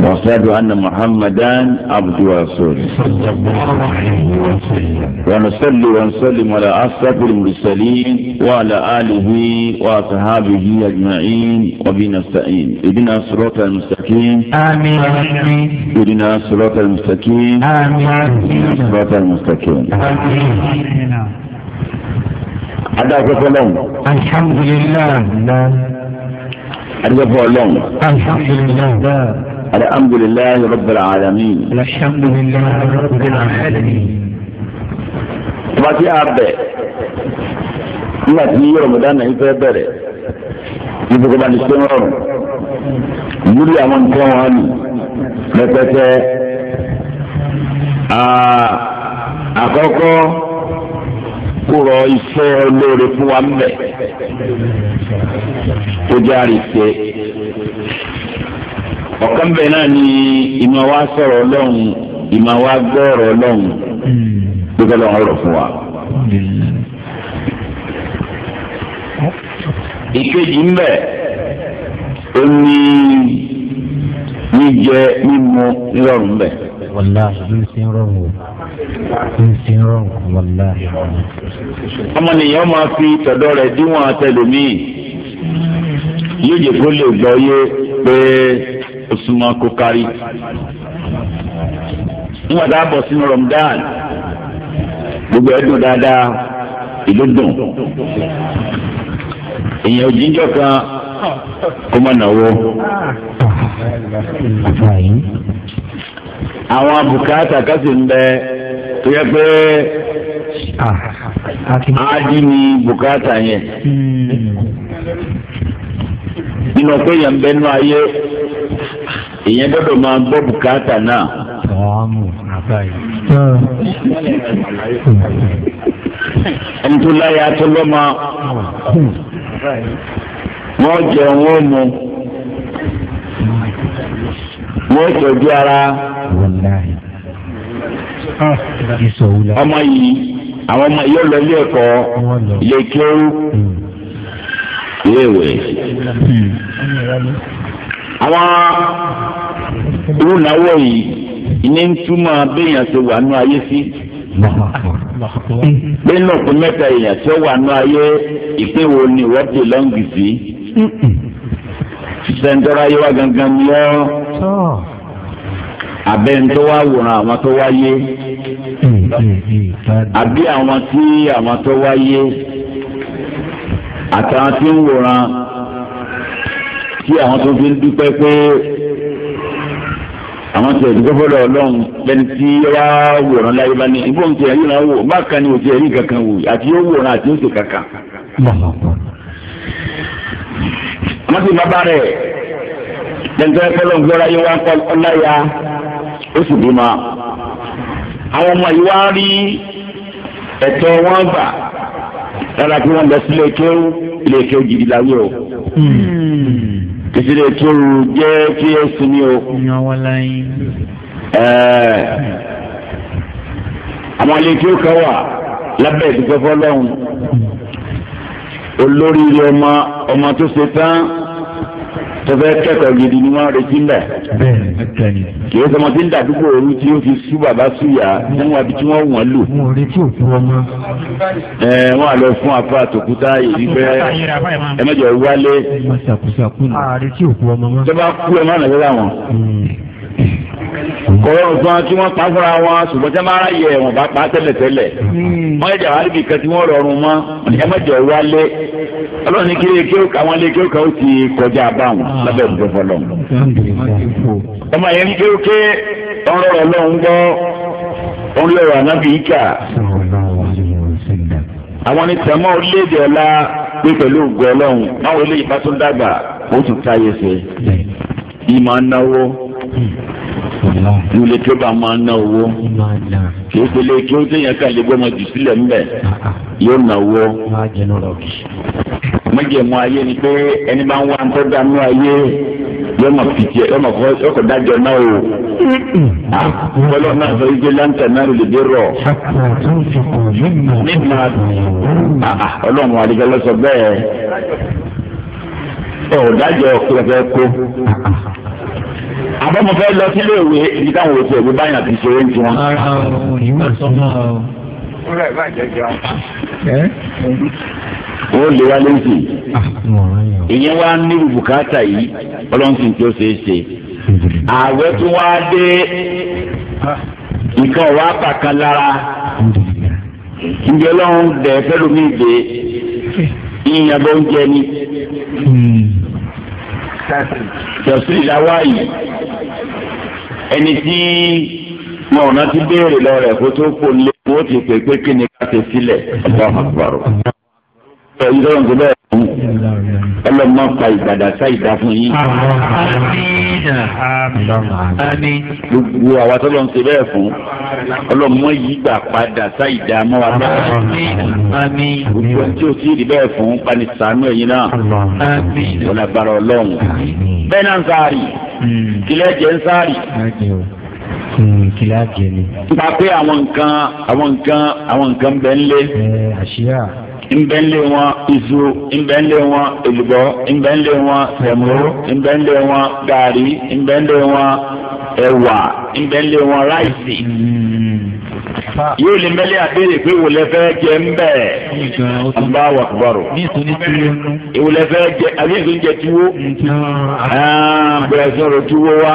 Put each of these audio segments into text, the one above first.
واشهد ان محمدا عبد ورسوله ونصلي ونسلم على اشرف المرسلين وعلى اله واصحابه اجمعين وبنستعين اهدنا الصراط المستقيم امين اهدنا الصراط المستقيم امين الصراط المستقيم الحمد لله الحمد لله الحمد لله رب العالمين الحمد لله رب العالمين tubati abẹ nígbà tí Ramadan náà ifẹ bẹ̀rẹ̀ ibùkúba ní sọmọrùn lórí àwọn nǹkan wọn ni rẹpẹtẹ àkọ́kọ́ kúrọ iṣẹ́ olóore fún wa mbẹ tó járe ṣe ọ̀kan bẹ́ẹ̀ náà ni ìmọ̀ wa sọ̀rọ̀ ọlọ́run ìmọ̀ wa gbọ́ọ̀rọ̀ ọlọ́run hmm. gbẹ́gbẹ́ lọ́wọ́ ọ̀rọ̀ fún wa. ìkejì ń bẹ ó ní jíjẹ mímu rọrùn bẹ. ọmọnìyàn máa fi tọ̀dọ̀ rẹ̀ díwọ̀n àtẹlómi yóò jẹ́ kó lè gbọ́ yé pé. osùnmọ́ kó Nwa níwọ̀n tá a Ramadan gbogbo ẹ̀dùn dáadáa ìlú dùn èèyàn òjijì kan kó má àwọn kásì ń bẹ tó yẹ pé bùkátà yẹn. nínú yẹn ìyẹn gbọ́dọ̀ máa gbọ́ bùkátà náà. ẹni tó láyé wọ́n jẹun ó mu wọ́n tọ́jú ara ọmọ yìí àwọn ọmọ yóò lọ ẹ̀kọ́ ilé àwọn ìrúnàwọ yìí ìní ń túmọ̀ béèyàn ṣe wà nú ayé sí nínú ọkụ mẹ́ta èèyàn tí ó wà nú ayé ìpín wo ni ti gangan ni ọ́ wá wòran àwọn tó wáyé àbí àwọn tí àwọn tó wáyé àtàwọn tí tí àwọn tó fi ń dúpẹ́ pé àwọn tí ẹ̀dùn gbọ́dọ̀ ọlọ́run lẹ́ni tí wá wòran láyé bá ní ìbọn tí ẹ̀yìn náà wò má kan ní òtí ẹ̀rí kankan wò àti yóò wòran àti yóò ṣe kankan. wọ́n ti bá bá rẹ̀ lẹ́ni tí wọ́n fẹ́ lọ́n gbọ́ra yín wá kọ́ ọláyà ó sì bí ma. àwọn ọmọ yìí wá rí ẹ̀tọ́ wọn gbà rárá kí wọ́n lọ sí kéwú ilé kéwú gidi láyé o. Hmm ìṣẹ̀lẹ̀ tó jẹ́ kí ẹ sùn ní o. àwọn ilé tí ó kàn wà lábẹ́ ìdúgbò fọlọ́hún olórí ilé ọmọ ọmọ tó ṣe tán tó fẹ́ kẹ́kọ̀ọ́ gidi ni wọ́n retí ń bẹ̀. kì í sọmọ tí ń dàdúgbò ooru tí ó fi sú bàbá súyà fún wa bí tí wọ́n wọ́n lù. wọn ò retí òkú ọmọ. ẹ wọn à lọ fún afa àtòkúta èyí pé ẹ mẹjọ wálé. wọn ṣàkóso àkúnà. àrètí òkú ọmọ wọn. tó bá kú ẹ má nà lọ́la wọn. Hmm kọ́rọ́ nǹkan tí wọ́n pa fúnra wọn ṣùgbọ́n tí wọ́n bá ráyè ẹ̀wọ̀n bá pa tẹ́lẹ̀tẹ́lẹ̀ wọ́n yẹ jàwárí bì kan tí wọ́n rọrùn mọ́ ẹ má jọ wálé ọlọ́run ní kílé kí àwọn ilé kíló kan ó ti kọjá báwọn lábẹ́ òkú fọlọ́ ọmọ yẹn ń kíló ké ọ̀rọ̀ ọlọ́run gbọ́ ọ̀rọ̀ ọ̀rọ̀ ànábì ìkà àwọn ní tẹ̀mọ́ orílẹ̀-èdè pé pẹ̀lú ògùn ọlọ́run báwọn eléyìí bá tún dàgbà ó tún táyé ṣe ìmọ̀ náwó. nílé kí ó bá máa ná owó kì í pele kí ó téèyàn ká lè gbọ́mọ jù sílẹ̀ ńbẹ̀ ah, ah. yóò ná owó. ayé ni pé ẹni bá ń wá ayé yóò máa fi yóò máa fọ́ yóò dájọ́ náà o. náà sọ náà lè dé nígbà mm. ah, ọlọ́run lọ sọ bẹ́ẹ̀ àbọ̀ mo fẹ́ lọ sílé ìwé ibi táwọn òṣèlú ìwé báyà ti ṣeré ń tiwọn. ó lè wá lóṣì ah, ìyẹn wá ní bùkátà yìí ọlọ́run sì ń tó ṣeé ṣe ààwẹ̀ tún wá dé nǹkan wàá pàkan lára ǹjẹ́ ọlọ́run dẹ̀ fẹ́ lómi ìdè eh. ìyìnbọn oúnjẹ ni. Hmm jọ̀sìn ìyàwó àyè ẹni tí wọn ò náà ti béèrè lọ rẹ̀ kó tó kó lé wọn ó ti pè pé kí ni ká ṣe sílẹ̀ ọ̀pọ̀ àgbàrò. ìjọba ọlọ́mọ fa ìgbàdà sá ìdá fún yín. gbogbo àwa tó lọ ń ṣe bẹ́ẹ̀ fún ọlọ́mọ yìí gbà padà sá ìdá mọ́ wa bẹ́ẹ̀. gbogbo tí o ti rí bẹ́ẹ̀ fún pani sànú ẹ̀yin náà wọn agbára ọlọ́run bẹ́ẹ̀ náà ń sáárì hmm. kílẹ̀ jẹ́ ń sáárì kìláàkì hmm, ni. nípa pé àwọn nǹkan àwọn nǹkan àwọn nǹkan bẹ́ẹ̀ ń lé. Eh, àṣìyà nbẹ́nlé wọn iṣu nbẹ́nlé wọn èlùbọ́ nbẹ́nlé wọn sẹ̀mó nbẹ́nlé wọn gàrí nbẹ́nlé wọn ẹ̀wà nbẹ́nlé wọn ráìsì. yóò lè mẹ́lẹ́ àbẹ̀rẹ̀ pé wò fẹ́ jẹ ń bẹ̀ Allahu Akbar ìwò lẹ fẹ́ jẹ àbí èso jẹ tuwo bẹ̀rẹ̀ sọ̀rọ̀ tuwo wa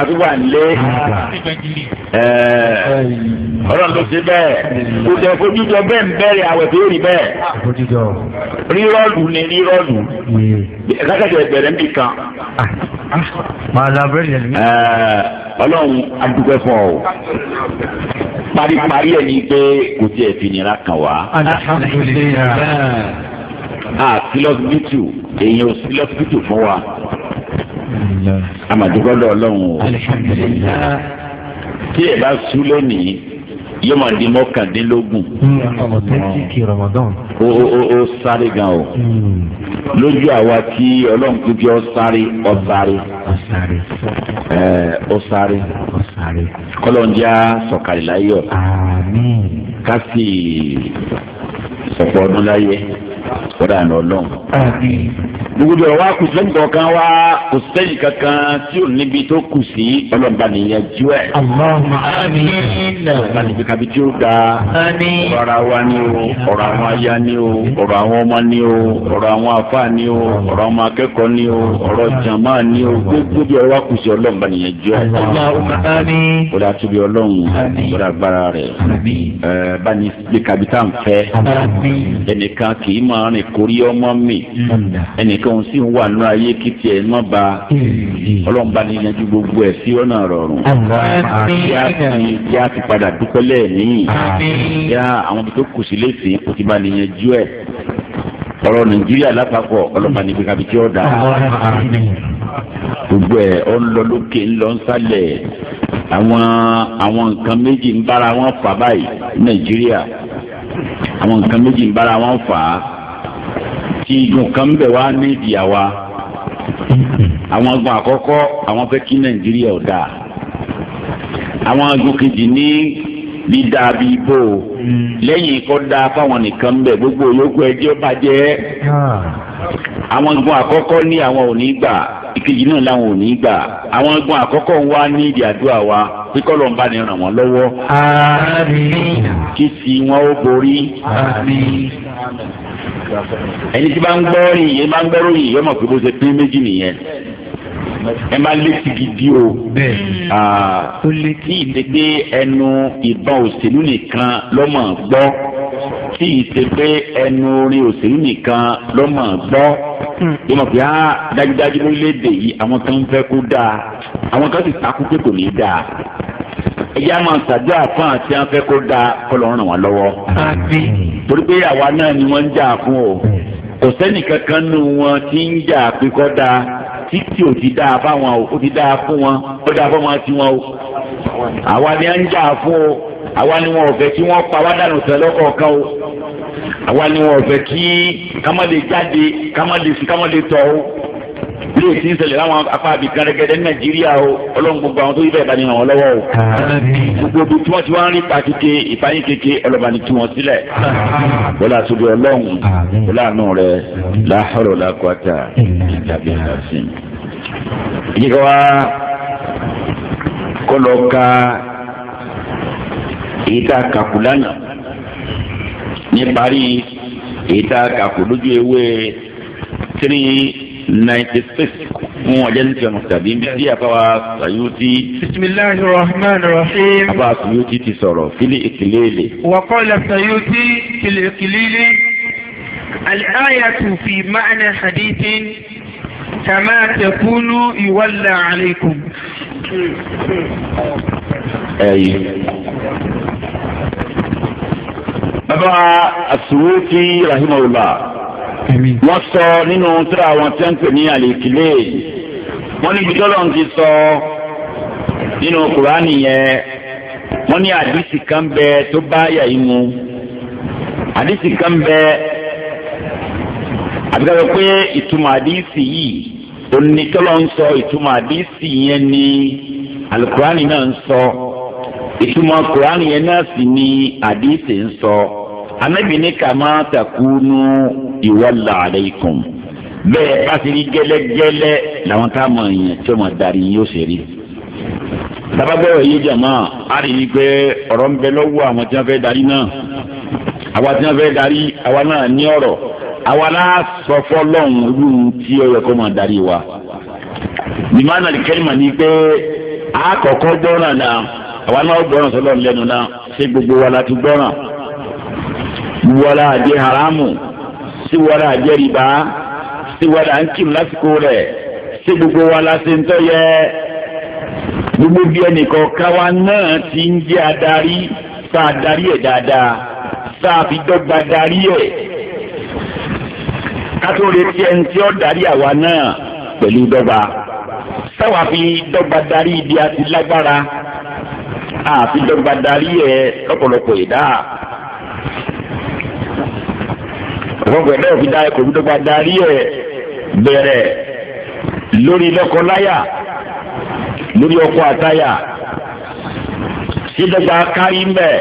àti wà lé ọlọ́run ló ti bẹ́ẹ̀ kò tẹ̀ fojújọ bẹ́ẹ̀ ń àwẹ̀ ni rírọ́ọ̀lù ń bì kan. Ah, ah. ọlọ́run adúgbò fún ọ paripari ẹ̀ ni pé kò tiẹ̀ fi nira kàn wá. a sílọ́sibítù èèyàn sílọ́sibítù fún wa amadugbo dọ̀ ọlọ́run o tí ẹ bá sú lónìí yóò máa di mọ́kàndínlógún. o o o sáré gan o. Hmm. lójú àwa tí ọlọ́run tó jẹ́ ọ sáré ọ sáré. ọ sáré. kọ́lọ́njá sọ̀kàlì láyọ̀. ká sì sọ̀pọ̀ ọdún láyé kódà ní ọlọ́run. gbogbo ìjọba wa kù sẹ́yìn kankan wa kù sẹ́yìn kankan tí ò níbi tó kù sí ọlọ́ba nìyẹn jú ẹ̀. Allahumma àmín. ọlọ́ba níbi kabi tí ó ga ọ̀rọ̀ ara wa ni o ọ̀rọ̀ àwọn aya ni o ọ̀rọ̀ àwọn ọmọ ni o ọ̀rọ̀ àwọn afa ni o ọ̀rọ̀ àwọn akẹ́kọ̀ọ́ ni o ọ̀rọ̀ jàmá ni o gbogbo ìjọba wa kù sí ọlọ́ba nìyẹn jú ẹ̀. Allahumma máa rìn kórí ọmọ mi ẹnìkan sì ń wà nínú ayé kí tiẹ̀ má ba ọlọ́mọba ní yanjú gbogbo ẹ̀ sí ọ̀nà rọrùn yá ti padà dúpẹ́ lẹ́ẹ̀mí yá àwọn ibi tó kù sí lẹ́sìn kò ti bá ní yanjú ẹ̀ ọ̀rọ̀ nàìjíríà lápapọ̀ ọlọ́mọba ní gbẹ̀gàbí tí ó dáa gbogbo ẹ̀ ọ̀ ń lọ lókè ń lọ ń sálẹ̀ àwọn àwọn nǹkan méjì ń bára wọn fà báyìí nàìjíríà àwọn nǹkan méjì ń bára wọn fà á ti igun kan bẹ̀ wá ní ìyàwó àwọn agun àkọ́kọ́ àwọn fẹ́ kí nàìjíríà ò dáa àwọn agun kejì ní dídá bí ibò hmm. lẹ́yìn kọ́ dáa fáwọn nìkan bẹ̀ gbogbo yòókù ẹjẹ́ bàjẹ́. Ah àwọn gun àkọ́kọ́ ní àwọn ò ní gbà ìkejì náà làwọn ò gbà àwọn gun àkọ́kọ́ ń wá ní ìdí àdúrà wa pé kọ́lọ̀ ń bá ní ràn wọ́n lọ́wọ́. àmín. kí sì wọn ó borí. àmín. ẹni tí bá ń gbọ́ ròyìn ẹ máa ń gbọ́ ròyìn yọmọ pé bó ṣe pín méjì nìyẹn ẹ máa létí gidi o. tí ìdẹ́gbẹ́ ẹnu ìbọn òṣèlú nìkan lọ́mọ̀ gbọ́ tí ì ṣe pé ẹnu orin òṣèlú nìkan ló hmm. mọ̀ gbọ́ bí mo fi há dájúdájú lórílẹ̀‐èdè yìí àwọn kan ń fẹ́ kó dáa àwọn kan sì takú pé kò ní dáa ẹ̀yà máa ṣàdúrà fún àti afẹ́ kó dáa kó lọ́ọ́ ràn wá lọ́wọ́ torí pé àwa náà ni wọ́n ń jà fún o kò sẹ́nì kankan nù wọn tí ń jà pé kó dáa títí ò ti dáa fáwọn o ó ti dáa fún wọn ó dáa fún wọn tiwọn o àwa ni à ń jà fún o àwa ni wọn ò fẹ́ kí wọ́n pa wá dànù sẹ́ lọ́kọ̀ọ̀kan o àwa ni wọn ò fẹ́ kí kámọ́lé jáde kámọ́lé sí kámọ́lé tọ̀ o bí èsì ń ṣẹlẹ̀ láwọn apá àbí kan ní nàìjíríà o ọlọ́run gbogbo àwọn tó yí bẹ́ẹ̀ bá ní ràn wọ́n o. gbogbo bí wọ́n ti wá ń rí pàtìkè ìfàyín keke ọlọ́ba ni tú wọn sílẹ̀. bọ́lá tóbi ọlọ́run bọ́lá àánú rẹ̀ láhọ̀rọ̀ làkọ́tà tàbí ìlàsìn. ìyíká wa kọ́ lọ èyí tá a kàkú lánàá níparí èyí tá a kàkú lójú ewé three ninety six fún ọjọ́ ní tiwọn tàbí bí bí àbáwá sàyúti. bisimilahi rahman rahim. àbá sàyúti ti sọ̀rọ̀ fili ìkìlélè. wàkọ́lá sàyúti fili ìkìlélè. الآية في معنى حديث كما تكون يولى عليكم ẹ̀yí. bàbá àsùwòtì rahimahullah wọn sọ nínú tíra wọn tí wọ́n pè ní àlèkílè wọn ní ibi ti sọ nínú kùránì yẹn wọn ní àdìsí kan bẹ tó bá yàyí mu àdìsí kan bẹ àbíkàwé pé ìtumọ̀ àdìsí yìí. onítọ́lọ́ ń sọ ìtumọ̀ àdísì yẹn ni alukurani náà ń sọ ìtumọ̀ kurani yẹn náà sì ni àdísì ń sọ anabi ní kàmá takunu ìwọlà aleikum bẹ́ẹ̀ bá ti rí gẹ́lẹ́gẹ́lẹ́ làwọn tá a mọ̀ yẹn tí wọ́n darí yóò ṣe rí tabagbọ́rọ̀ yìí jàmá a rí i pé ọ̀rọ̀ ń bẹ lọ́wọ́ àwọn tí wọ́n fẹ́ darí náà àwa tí wọ́n fẹ́ darí àwa náà ní ọ̀rọ̀ àwa la sọ fọlọ́hún irú tí ó yẹ kó máa darí wa. bimana alikẹ́lìmà ni pé a kọ̀kọ́ gbọ́ràn náà àwa náà gbọ́ràn sọlọ́ lẹ́nu náà ṣé gbogbo wa la ti gbọ́ràn. wọ́lá àjẹ haramu sí wọ́lá àjẹ rìbá sí wọ́lá ànkìm lásìkò rẹ̀ ṣé gbogbo wa la ṣe ń tọ́ yẹ gbogbo bí ẹnìkan káwa náà ti ń jẹ́ adarí sáà darí ẹ̀ dáadáa sáà fi dọ́gba darí ẹ̀ kátó retí ẹni tí ó darí àwa náà pẹ̀lú dọ́gba táwa fi dọ́gba darí ibi àti lágbára àfi dọ́gba darí ẹ lọ́pọ̀lọpọ̀ ìdá ọ̀pọ̀lọpọ̀ ẹ̀dá òfin dá ẹ̀kọ́ dọ́gba darí ẹ bẹ̀rẹ̀ lórí lọ́kọ-láyà lórí ọkọ àtayà sídọ́gba kárí mbẹ́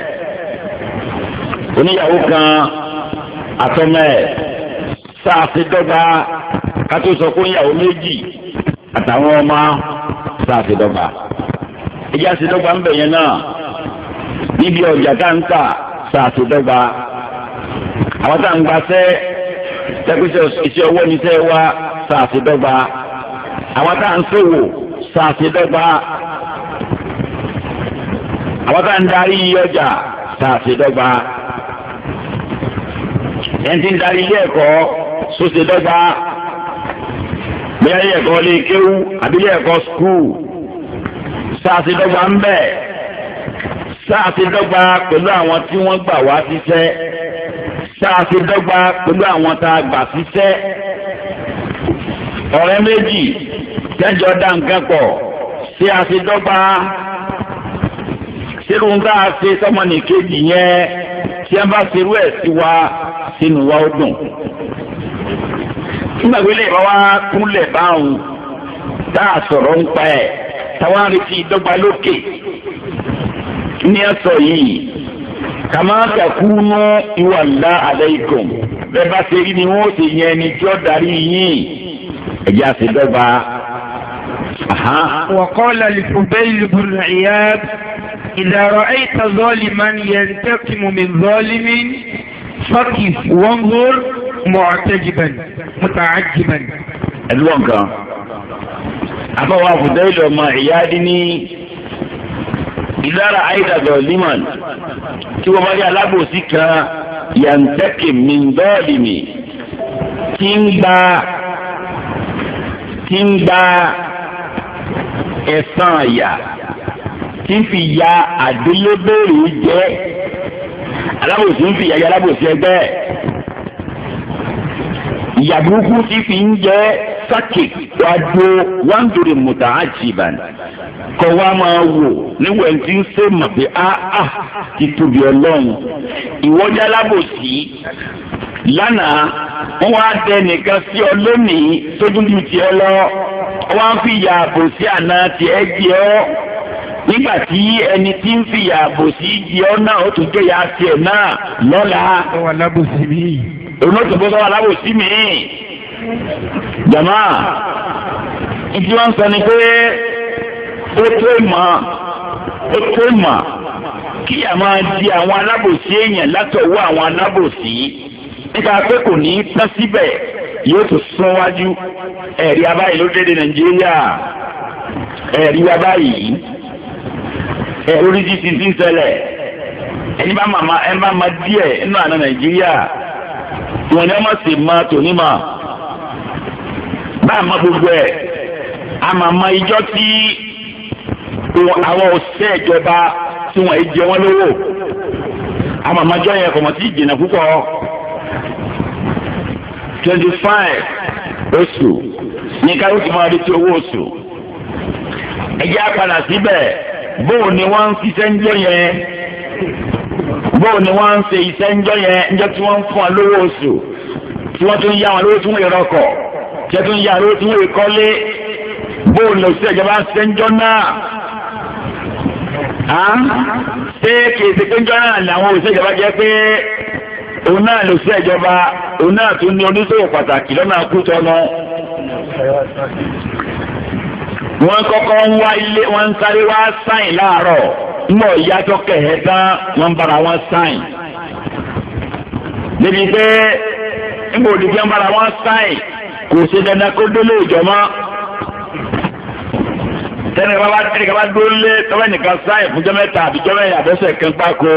oníyàwó kan àtọ́mẹ́ sàfidọ́gba kátó sọ ìyàwó méjì àtàwọn ọmọ sàfidọ́gba ìjà sídọ́gba ń bẹ̀ yẹn náà níbi ọjà tá ń tà àwọn gba sẹ́ tẹ́kùsẹ̀ iṣẹ́ ọwọ́ sẹ́ wá àwọn àwọn ọjà ẹni tí ń darí ilé ẹ̀kọ́. sóṣè dọ́gba bóyá ilé ẹ̀kọ́ lè kéwú àbí ilé ẹ̀kọ́ skul sáàsì dọ́gba ń bẹ̀ sáàsì dọ́gba pẹ̀lú àwọn tí wọ́n gbà wá síṣẹ́ sáàsì dọ́gba pẹ̀lú àwọn tá a gbà síṣẹ́ ọ̀rẹ́ méjì tẹ́jọ́ dá nǹkan pọ̀ ṣé a ṣe dọ́gba ṣerú ń bá a ṣe sọ́mọ́nì kejì yẹn tí a bá ṣerú ẹ̀ sí wa sínú wa ó dùn nígbàgbé lè kúnlẹ̀ báwọn tá sọ̀rọ̀ ń pa ẹ̀ táwa ń ìdọ́gba lókè ní ẹ̀sọ̀ yìí kàmá takunu ìwà ńlá alaykum bẹ́ẹ̀ bá ṣe rí ni wọ́n ti yẹn ẹni tí ó darí yín ẹ̀jẹ̀ àṣedọ́gba. وقال لفضيل بن عياد إذا رأيت ظالما ينتقم من ظالم فقف وانظر mu'tajiban muta'ajjiban. ẹ̀dúgbọ̀n kan àbáwọ̀ àbùdá ìlú ọmọ ìyá dín ní ìdára àìdàgbọ̀ liman tí wọ́n bá rí alábòsí kan yàǹtẹ́kì mìndọ́ọ̀lì mi tí ń gba tí ń gba ẹ̀san àyà tí ń fi ya àdélébèrè jẹ́ alábòsí ń fi yàyà alábòsí ẹgbẹ́ ìyà burúkú ti fi ń jẹ́ sákè wá do wáńdòrè mùtà àjìbàn kọ wá máa wò níwẹ̀ tí ń ṣe mọ̀ pé a ah, a ah, ti tóbi ọlọ́run ìwọ́jà lábòsí lánàá wọ́n wá dẹ nìkan sí ọ lónìí tójú ju tiẹ̀ lọ wọ́n á fi ìyà àbòsí àná tiẹ̀ jẹ́ ọ́ nígbà tí ẹni tí ń fi ìyà àbòsí jẹ́ ọ́ náà ó tún jẹ́ ìyà tiẹ̀ náà lọ́la. òun náà ọla sọ́wọ́ alábòsí mi jamaa ìdí wọn sọ ni pé ó tó ìmọ̀ ó tó kí a máa di àwọn alábòsí èèyàn látọ̀wọ́ àwọn alábòsí nípa pé kò ní tán yóò tún sún wájú ẹ̀rí abáyé lórílẹ̀ nàìjíríà wọn ni a máa sì máa tò ní ma bá a máa gbogbo ẹ a máa ma ìjọ tí àwọn òṣìṣẹ́ ìjọba tí wọ́n yìí jẹ wọ́n lówó a máa ma jọ yẹn kọ̀mọ̀ tí ìjìnà púpọ̀ twenty five oṣù ní ká oṣù máa retí owó oṣù ẹ̀jẹ̀ apàdà síbẹ̀ bóun ni wọ́n ń ṣiṣẹ́ ń jọ yẹn. bóò ni wọ́n ń se iṣẹ́ ńjọ́ yẹn ńjọ́ tí wọ́n ń fún ọ lówó oṣù tí wọ́n tún yá wọn lówó tí wọ́n yẹ rọkọ̀ tí wọ́n tún yá lówó tí wọ́n yẹ kọ́lé ni òṣìṣẹ́ ìjọba ń ṣe ńjọ́ náà à kì í ṣe pé ńjọ́ náà làwọn òṣìṣẹ́ ìjọba jẹ́ pé òun náà mọ̀ yájọ́ kẹ̀hẹ́ tán wọ́n ń bára wọn sáìn. débi pé níbo òdìgbẹ́ ń bára wọn sáìn kò ṣe dandan kó délé ìjọ mọ́. tẹ́lẹ̀ bá tẹ́lẹ̀ bá dólé tọ́wọ́ nìkan sáìn fúnjọ́ mẹ́ta àbíjọ́ mẹ́rin àbẹ́sẹ̀ kan pákó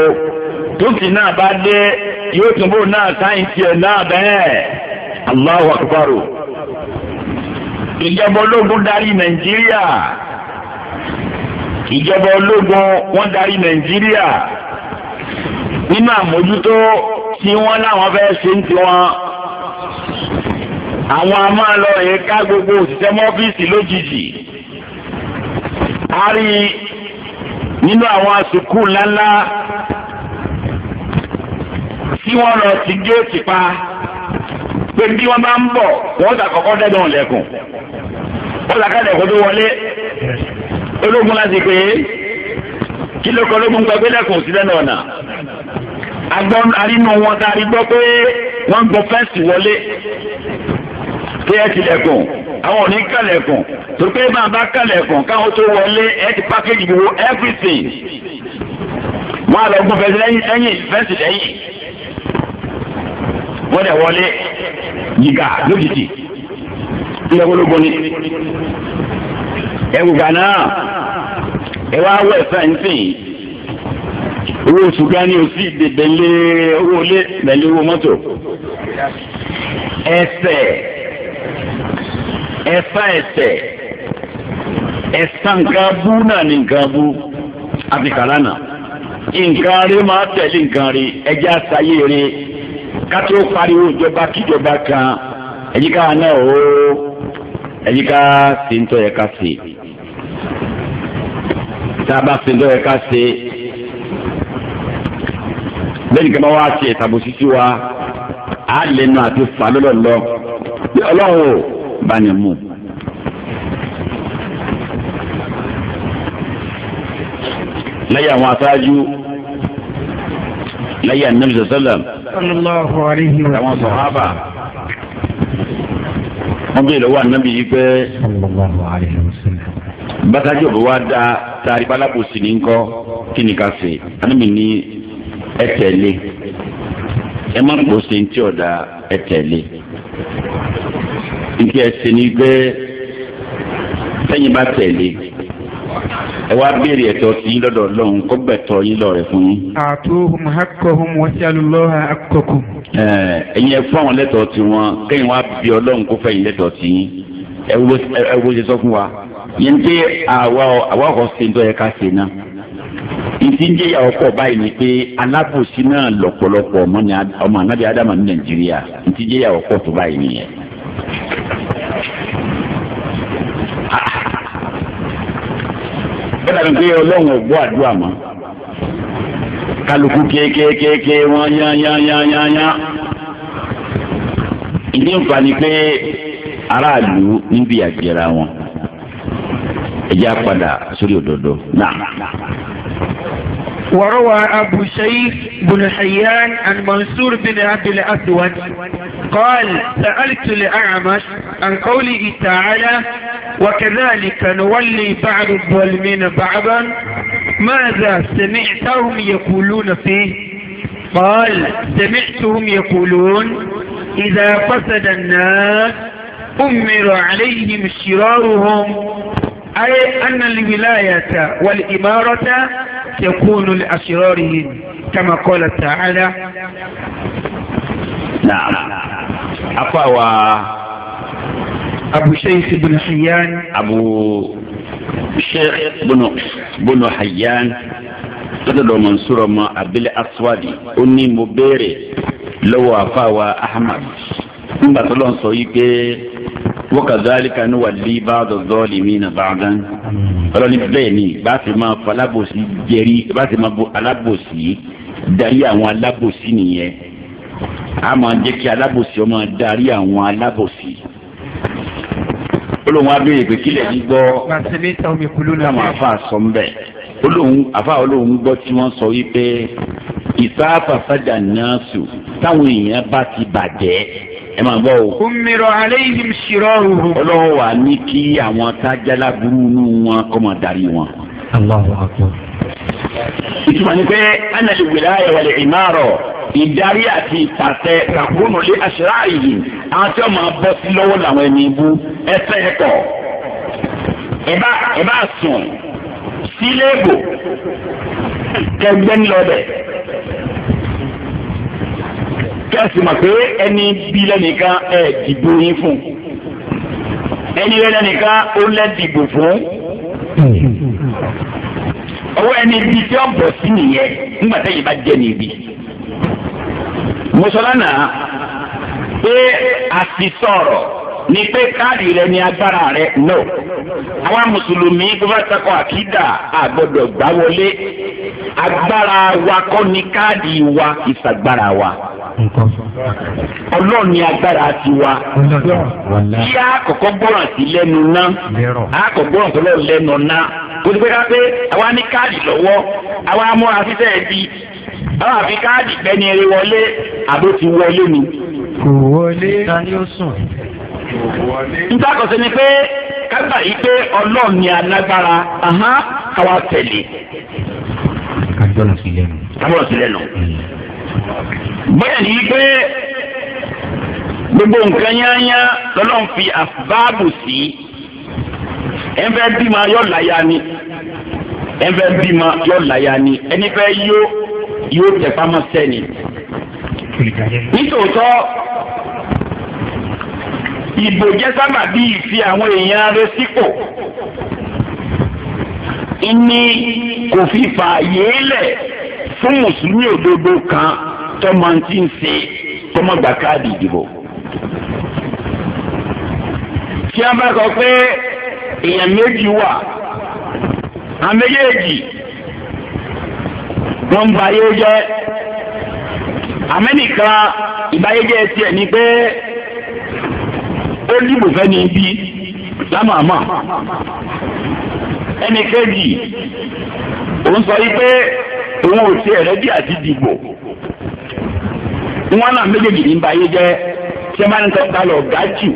tókì náà bá dé yóò tún bò náà sáìn tiẹ̀ náà bẹ́ẹ̀. Allahu akbar. ìjọba ológun darí Nàìjíríà ìjọba ológun wọ́n darí nàìjíríà nínú àmójútó tí wọ́n láwọn fẹ́ ṣe ń tiwọn àwọn a máa lọ rè ká gbogbo òṣìṣẹ́ mọ́fíìsì lójijì a rí nínú àwọn sùkúù ńláńlá tí wọ́n lọ ti géètì pa pé bí wọ́n bá ń bọ̀ wọ́n ta kọ́kọ́ dẹ́gbẹ̀rún lẹ́kùn wọ́n ta ká lẹ́kùn tó wọlé ológun láti pé kí ló kọ ológun gbàgbé lẹ́kùn sílẹ̀ náà nà agbọ́n arínú wọn tá a rí gbọ́ pé wọ́n gbọ́ fẹ́ǹsì wọlé pé ẹ tilẹ̀kùn àwọn ò ní kàlẹ̀kùn tó pé bá a bá kàlẹ̀kùn káwọn tó wọlé ẹ ti package gbogbo everything wọ́n á lọ gún fẹ́ǹsì lẹ́yìn ẹ̀yìn fẹ́ǹsì lẹ́yìn wọ́n dẹ̀ wọlé yìgà lójijì ilẹ̀ ológun ni ẹwù gbaná ẹ wá wọ ẹfẹ nsìn owó oṣù gani oṣù ìdèbẹlẹ owó ilé pẹ̀lú owó mọ́tò ẹsẹ ẹfẹ ẹsẹ ẹsẹ nǹkan bú náà ní nǹkan bú àfikàlà náà nǹkan rí máa tẹ̀lé nǹkan rí ẹjẹ́ àṣàyè rí kátó pariwo ìjọba kíjọba kan ẹ̀yíká náà ó ẹ̀yíká sí ń tọ́ ká sí i tá a bá ṣe lọ́yẹ̀ ká ṣe lẹ́yìn kí wọ́n wá ṣe ìtàbùsí sí wa á lè nu àti fà lọ́lọ́lọ́ bí ọlọ́run ò bá ní mú. lẹ́yìn àwọn aṣáájú lẹ́yìn anabi sọ́sọ́lẹ̀m àwọn sọ̀hábà wọ́n bí ìlọ́wọ́ anabi yìí pé bàtàjì ọ̀bẹ wa da tari balabosi ní nkọ́ kí ni ká ṣe anamí ní ẹ tẹ̀lé ẹ má kó se ntí ọ̀dà ẹ tẹ̀lé ntí ẹ sẹ ní pé bá tẹ̀lé ẹ wá béèrè ẹ̀tọ́ sí yín lọ́dọ̀ Ọlọ́run kó gbẹ̀tọ́ yín lọ fún yín. àtúhùn akọhùn wọn sí alùlọ́hà akọkùn. ẹ̀yin ẹ fún àwọn lẹ́tọ̀ọ́ tiwọn kẹ́yìn wá bí Ọlọ́run kó fẹ́yìn lẹ́tọ̀ọ́ sí ẹ wo ṣe sọ fún wa yẹn pé àwa àwa kò ṣe ń tọ́ yẹ ká ṣe náà ìdí ń jẹ́ ìyàwó pọ̀ báyìí ni pé alábòsí náà lọ́pọ̀lọpọ̀ ọmọ anábì ádámà ní nàìjíríà ìdí ń jẹ́ ìyàwó pọ̀ tó báyìí nìyẹn. bọ́dà mi pé ọlọ́run ò àdúrà mọ́ kálukú kéékéékéé wọ́n yán yán yán yán yán ìdí ń ni pé. aráàlú níbi àjẹrà wọn ẹjẹ́ àpadà sórí òdodo náà. وروى أبو شيخ بن حيان عن منصور بن عبد الأسود قال سألت لأعمش عن قوله تعالى وكذلك نولي بعض الظالمين بعضا ماذا سمعتهم يقولون فيه قال سمعتهم يقولون إذا فسد الناس أمر عليهم شرارهم أي أن الولاية والإمارة تكون لأشرارهم كما قال تعالى نعم أقوى أبو شيخ بن حيان أبو شيخ بن بن حيان lọ́dọ̀ منصور ما أبل Aswadi أني مبيري لو béèrè أحمد nígbà tó lọ́n sọ yìí pé wa kadhalika nuwalli ba'da zalimina ba'dan ọlọ́ni bẹ́ẹ̀ ni bá ti máa fọ alábòsí jẹrí bá ti máa bo alábòsí darí àwọn alábòsí nìyẹn a máa jẹ́ kí alábòsí ó máa darí àwọn alábòsí olóhùn abéèrè pé kílẹ̀ ní gbọ́ táwọn afa sọ ń olóhùn afa olóhùn gbọ́ tí wọ́n sọ wípé ìsáfàfàjà náà sùn táwọn èèyàn bá ti bàjẹ́ ẹ máa gbọ́ o. kùmìrọ̀ aléyìn ṣìrọ̀ òhùn. ọlọ́wọ́ wa ní kí àwọn tájálá burú nù wọn kọ́ máa darí wọn. Allahu akbar. ìtumọ̀ ni pé anali wilaya wal imara ìdarí àti ìtàtẹ takunu lé aṣááyì yìí àwọn tí wọ́n máa bọ́ sí lọ́wọ́ làwọn ẹni ibú ẹsẹ̀ ẹ̀kọ́ ẹ bá sùn sílẹ̀ èbò kẹgbẹ́ ńlọ bẹ̀ kẹ́sì mọ̀ pé ẹni bí lẹ́nìkan ẹ̀ dìbò yín fún ẹni rẹ lẹ́nìkan ó lẹ́ dìbò fún owó ẹni ibi tí ó bọ̀ sí nìyẹn nígbà tẹ́yìn bá jẹ́ níbi. mùsùlùmí náà pé àti sọ̀rọ̀. ni pé káàdì rẹ ni agbára rẹ no àwọn mùsùlùmí gbọ́dọ̀tàkọ̀ àkídà àgbọ̀dọ̀ wa kọ́ ni káàdì wa ìsàgbára wa ọlọ́run ni agbára ti wa kí a kọ́kọ́ gbọ́ràn sí lẹ́nu náà a kọ́ gbọ́ràn tó lọ lẹ́nu náà kò sí pé ká pé àwa ní káàdì lọ́wọ́ àwa ni. kò wọlé ta ni ó ntakọ̀sí ni pé kágbà yìí pé ọlọ́run ni alágbára káwa tẹ̀lé. kájọ́lọ̀ sí lẹ́nu. kájọ́lọ̀ sí lẹ́nu. Mm. bẹ́ẹ̀ ni pé gbogbo nǹkan yányá lọ́lọ́run fi àbáàbò sí ẹ fẹ́ bímọ yọ láya ni ẹ fẹ́ bímọ yọ láya ni ẹni fẹ́ yó yóò tẹ̀pá mọ́ sẹ́ni. nítòótọ́ ìbò jẹ́ sábàbí ìfi àwọn èèyàn rẹ̀ sípò ìní kò fi fààyè lẹ̀ fún mùsùlùmí òdodo kan tọ́mọ ti ń ṣe tọ́mọ gba káàdì ìdìbò. tí a bá sọ pé èèyàn méjì wà àwọn méjèèjì wọ́n ń ba ayé jẹ́ àmẹ́nìkan ìbáyé jẹ́ tiẹ̀ ni pé ó dìbò fẹ́ni bí lámàmà ẹnì kejì òun sọ yí pé òun ò tiẹ̀ rẹ́dí àti dìbò wọn náà méjèèjì ní báyé jẹ́ tí ẹ bá ní sọ́kà lọ gá jù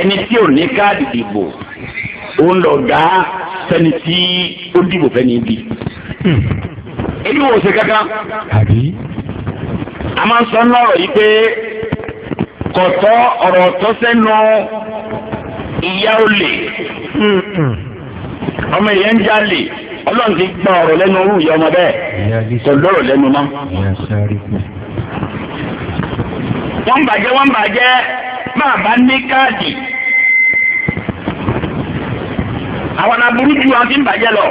ẹni tí ò ní káàdì dìbò òun lọ gá sẹ́ni tí ó dìbò fẹ́ni bí hmm. èyí wò ó ṣe kankan a máa ń lọ́rọ̀ yìí pé kọ̀tọ́ ọ̀rọ̀ tó sẹ́nu ìyá olè ọmọ ìyẹn ń jalè ọlọ́run ti gba ọ̀rọ̀ lẹ́nu orú ìyá ọmọ bẹ́ẹ̀ kò lọ́rọ̀ lẹ́nu mọ́. wọ́n bàjẹ́ wọ́n bàjẹ́ bàbá ní káàdì àwọn aburú ju àwọn tí ń bàjẹ́ lọ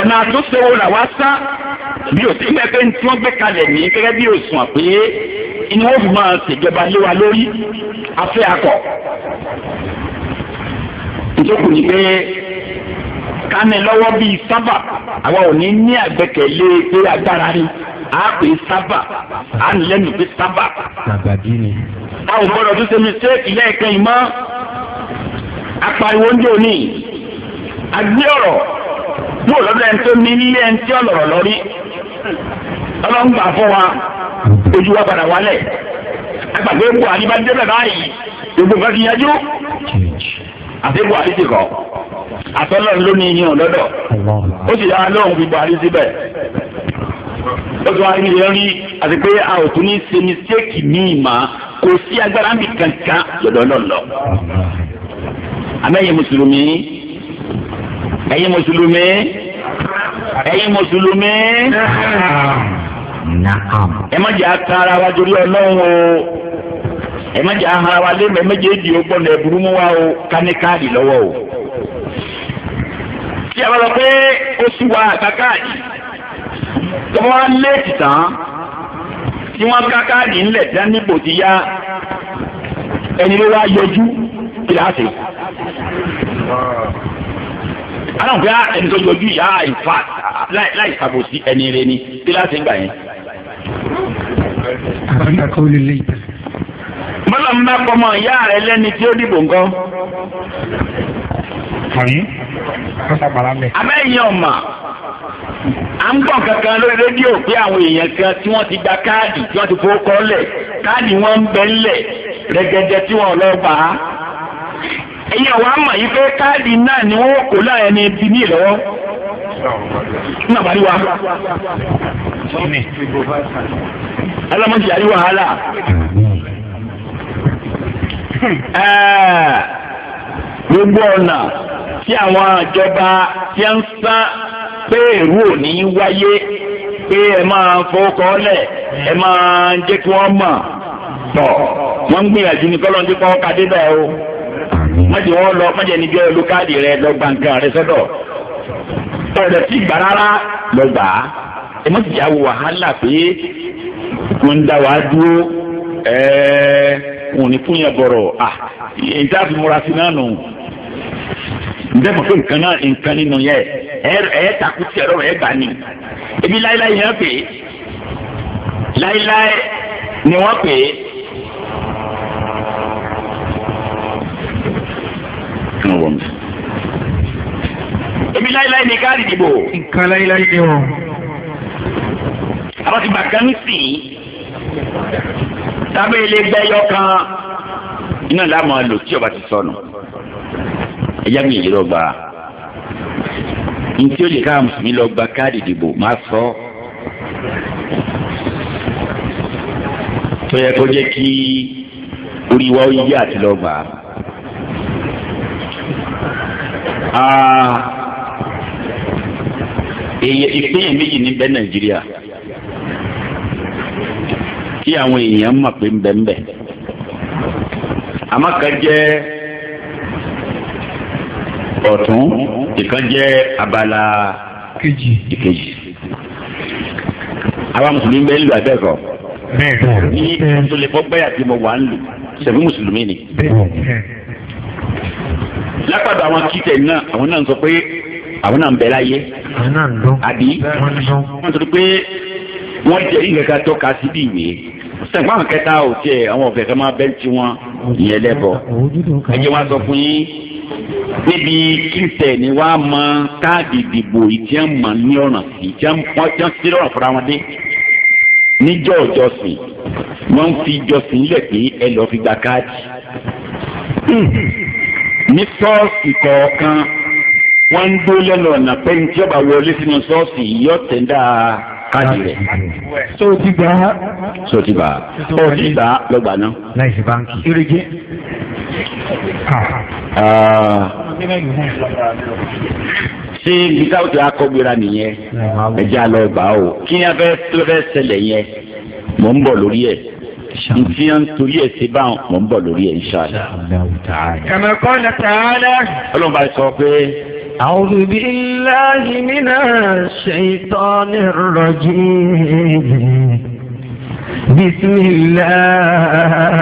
ọ̀nà àtúnṣe wo làwọn sá bí òsínbẹ́ pé tí wọ́n gbé kalẹ̀ ní gẹ́gẹ́ bí òsùn àpéyé ni wọ́n fi máa ṣèjọba lé wa lórí afẹ́ akọ. ìjókòó ni pé kánẹ lọ́wọ́ bíi sábà àwa ò ní ní àgbẹ̀kẹ̀lé pé agbára ni a pè sábà a ń lẹ́nu pé sábà. àgbàdì ni. a ò gbọ́dọ̀ tó ṣe mistake lẹ́ẹ̀kan yìí mọ́ apariwo ń dòní agbé ọ̀rọ̀ bó lọ́dọ̀ ẹni tó ní ilé ẹni tí ọ̀lọ̀rọ̀ lọ́rí ọlọ́ngbà fún wa ojú wa padà wálẹ̀ agbàgbé buhari bá débẹ̀ báyìí gbogbo nǹkan ti yanjú àti buhari ti kọ́ àtọ́lọ́run ló ní ìyẹn lọ́dọ̀ ó sì yára lọ́run fi buhari síbẹ̀ ó ti wá ní ìrírí àti pé a ò tún ní ṣe mistake míì mà kò sí agbára mi kankan lọ́dọ̀ lọ́lọ́ àmẹ́yìn mùsùlùmí ẹ̀yin mùsùlùmí ẹ̀yin mùsùlùmí ẹ má jẹ́ aka ara wa torí ọlọ́run o ẹ má jẹ́ ahara wa lé mẹ́mẹ́jẹ́ di o gbọ́dọ̀ ẹ̀bùrú mú wa o ká ní káàdì lọ́wọ́ o. tí a bá lọ pé ó sì wá àká káàdì tọ́wọ́ á léèkì tán tí wọ́n ká káàdì ńlẹ̀ tí wọ́n níbo ti yá ẹni ló wá yọjú kíláàsì aláwọ̀ pé ah, ẹni tó yọjú yá ah, in láì sàbòsí ẹni rẹ ni kíláàsì gbà yẹn àbáńdà kó lè lè ìtàn. bọ́lá ń bá pọmọ ìyá rẹ lẹ́ni tí ó dìbò nǹkan. àmì kọ́sà bàrà mẹ́. abẹ́yẹn ọ̀mà à ń gbọ̀n kankan lórí rédíò pé àwọn èèyàn kan tí wọ́n ti gba káàdì tí wọ́n ti fowó kọ́ lẹ̀ káàdì wọn ń bẹ ńlẹ̀ rẹ̀gẹ̀dẹ̀ tí wọ́n lọ bá a. ẹ̀yin ọ̀wá mọ̀ yìí pé káàdì náà ni wọ́n kò láàyè ní ibi ní ìlọ́wọ́ nígbà parí wa alamọ̀jì àrí wàhálà hmm. eh, gbogbo ọ̀nà tí àwọn ìjọba ti ń sán pé èrú ò ní wáyé pé ẹ máa fọwọ́kọ́ lẹ̀ ẹ máa jẹ́ kí wọ́n mọ̀ tọ̀ wọ́n ń gbìyànjú ní kọ́lọ́ọ̀dé kọ́ ká débẹ̀ o má lọ má níbi ọlú rẹ lọ rẹ sọ́dọ̀ ọ̀rẹ́ tí gbà rárá lọ gbà á ẹ má jìyà wo wàhálà pé wọ́n ń dá wàá dúró ẹ̀ẹ́ wọn ò ní fún yẹn bọ̀rọ̀ à ìjà fi múra sí náà nù ǹjẹ́ mọ̀ pé nǹkan náà nǹkan nínú yẹ ẹ̀ takú sí ẹ̀rọ ẹ̀ gbà ní ebi láéláé yẹn pè é láéláé ni wọ́n pè é. láíláí ni káàdì ìdìbò. nǹkan láíláí ni wọn. àwọn ti bà kan sí i tábí ilé gbẹ́yọ kan iná láàmú lò tí ọba ti sọnù ẹ̀yà mi yìí lọ gbà ntí ó lè ká mùsùlùmí lọ gba káàdì ìdìbò máa sọ tó yẹ kó jẹ́ kí orí wa ó yí àti èèyàn ìpínyà méjì ní bẹ nàìjíríà tí àwọn èèyàn mọ̀ pé ń bẹ ń bẹ àmọ́ kan jẹ́ ọ̀tún ìkan jẹ́ abala kejì ìkejì àwa mùsùlùmí bẹ́ẹ̀ lù abẹ́kọ̀ ní ìtòlẹ́kọ̀ gbẹ́yà tí mo wà ń lù sẹ̀fí mùsùlùmí ni lápàdà àwọn kìtẹ̀ náà àwọn náà ń sọ pé àwọn náà ń bẹ láyé àbí wọ́n torí pé wọ́n jẹ́rìí nǹkan tó ka síbi ìwé sẹ̀kọ́ àwọn kẹta ò tiẹ̀ àwọn ọ̀fẹ́ kan máa bẹ́ẹ̀ tí wọ́n yẹn lẹ́bọ̀ ẹ jẹ́ wọ́n sọ fún yín níbi kíntẹ̀ ni wàá mọ káàdì ìdìbò ìjẹ́ mọ̀ ní ọ̀nà sí ìjẹ́ wọ́n jẹ́ sí lọ́rọ̀ fúnra wọn dé níjọ́ ìjọsìn wọ́n ń fi ìjọsìn lẹ̀ pé ẹ lọ́ọ́ fi gba káàdì ní sọ́ọ̀sì kọ̀ọ̀kan wọ́n ń dó lẹ́nu ọ̀nà pé ní tí ọba wọlé sínú ṣọ́ọ̀ṣì yọ tẹ̀dá káàdì rẹ̀. so ti gbà á. so ti gbà á. ó ti gbà á lọ́gbà náà. láìsí báńkì. irige. Ah. ṣé ibi táwọn ti akọ́gbéra nìyẹn ẹja lọ gbà á o kí ni a fẹ́ tó fẹ́ ṣẹlẹ̀ yẹn mò ń bọ̀ lórí ẹ̀ nti an torí ẹ ti báwọn mò ń bọ̀ lórí ẹ̀ inshallah. kama qala ta'ala. ọlọ́run bá sọ pé. أعوذ بالله من الشيطان الرجيم بسم الله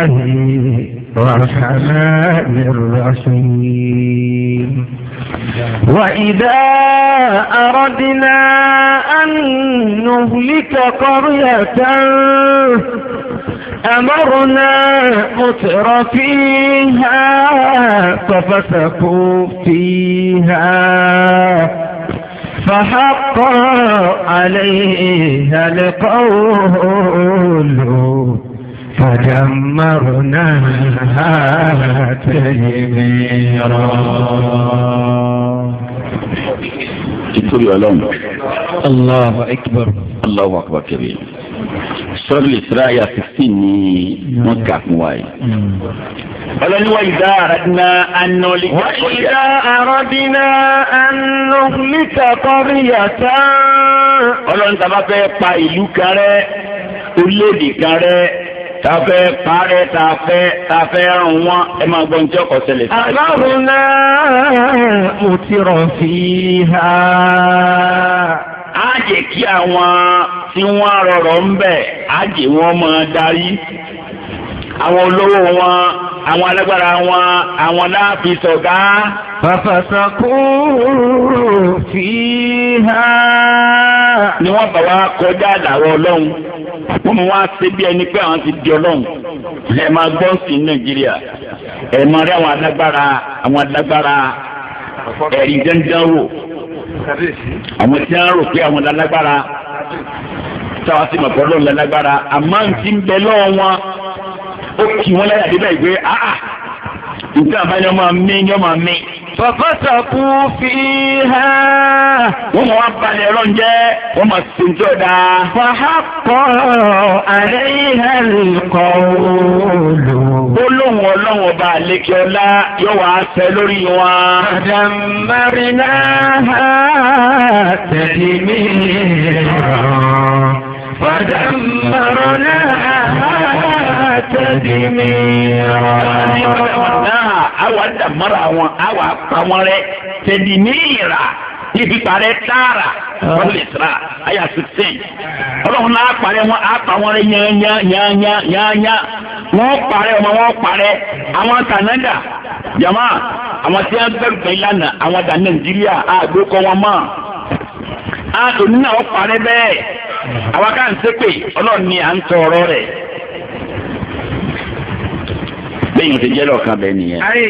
الرحمن الرحيم وإذا أردنا أن نهلك قرية أمرنا متر فيها ففسقوا فيها فحق عليها القول فدمرناها تدميرا الله أكبر الله أكبر كبير sọ́ọ̀lì tíráyà fifteen ni wọ́n kà fún wa yìí. ọlọ́ni wa ìdá àràdínà anọ́lì. wa ìdá àràdínà anọ́lì tàkọ́rì yàtá. ọlọ́ni tàbá fẹ́ pa ìlú kan rẹ́ orílẹ̀-èdè kan rẹ́ tafẹ́ parẹ́ tafẹ́ tafẹ́ rún wọn ẹ máa gbọ́n tí ọkọ̀ ṣẹlẹ̀. àbáwò náà mo ti rọ̀ sí i ha. á jẹ́ kí àwọn tí wọ́n rọrọ̀ ń bẹ̀ á jẹ́ wọ́n máa darí àwọn olówó wọn àwọn alágbára wọn àwọn láàfin sọ̀gá. fàfàsàkó fi hà. ni wọ́n bá wa kọjá àdàrọ Ọlọ́run wọ́n mú wá ṣe bí ẹni pé àwọn ti di Ọlọ́run ẹ máa gbọ́ sí Nàìjíríà ẹ máa rí àwọn alágbára àwọn alágbára ẹ̀rí dandan wò. àwọn tí wọ́n rò pé àwọn lálágbára táwa sì mọ̀ pé ọlọ́run lálágbára àmọ́ ntí ń bẹ lọ́wọ́ wọn ó kì wọ́n láyà débẹ̀ ìgbé áà nǹkan àbáyọ máa mí yọ máa mí. fàfàtà kú fi hà. wọ́n mọ̀ wá balẹ̀ ẹ̀rọ ǹjẹ́ wọ́n mọ̀ sí ní ọ̀dà. fàhà kọ́ àlẹ́ ìhà lùkọ́ olù. ó lóun ọlọ́run ọba àlékè ọlá yóò wá sẹ lórí wọn. àdàmárìnà tẹ̀lé mi. فدمرناها tẹ̀dìmíra. náà àwa dàmọ́ra wọn pa rẹ tẹ̀dìmíra ibi parẹ́ tààrà ah. wọn sara àyà sixteen ọlọ́run náà parẹ́ wọn á pa wọn rẹ yányányányányá wọn parẹ́ ọmọ wọn àwọn jama àwọn tí wọn bẹ̀rù pé lánàá àwọn Nàìjíríà wọn mọ́ àtòní náà wọn parẹ́ bẹ́ẹ̀ àwọn ká ṣépè ọlọ́run ni à ń ọ̀rọ̀ rẹ̀. bẹ́yìn ti jẹ́ lọ́kàn bẹ́ẹ̀ nìyẹn. ayé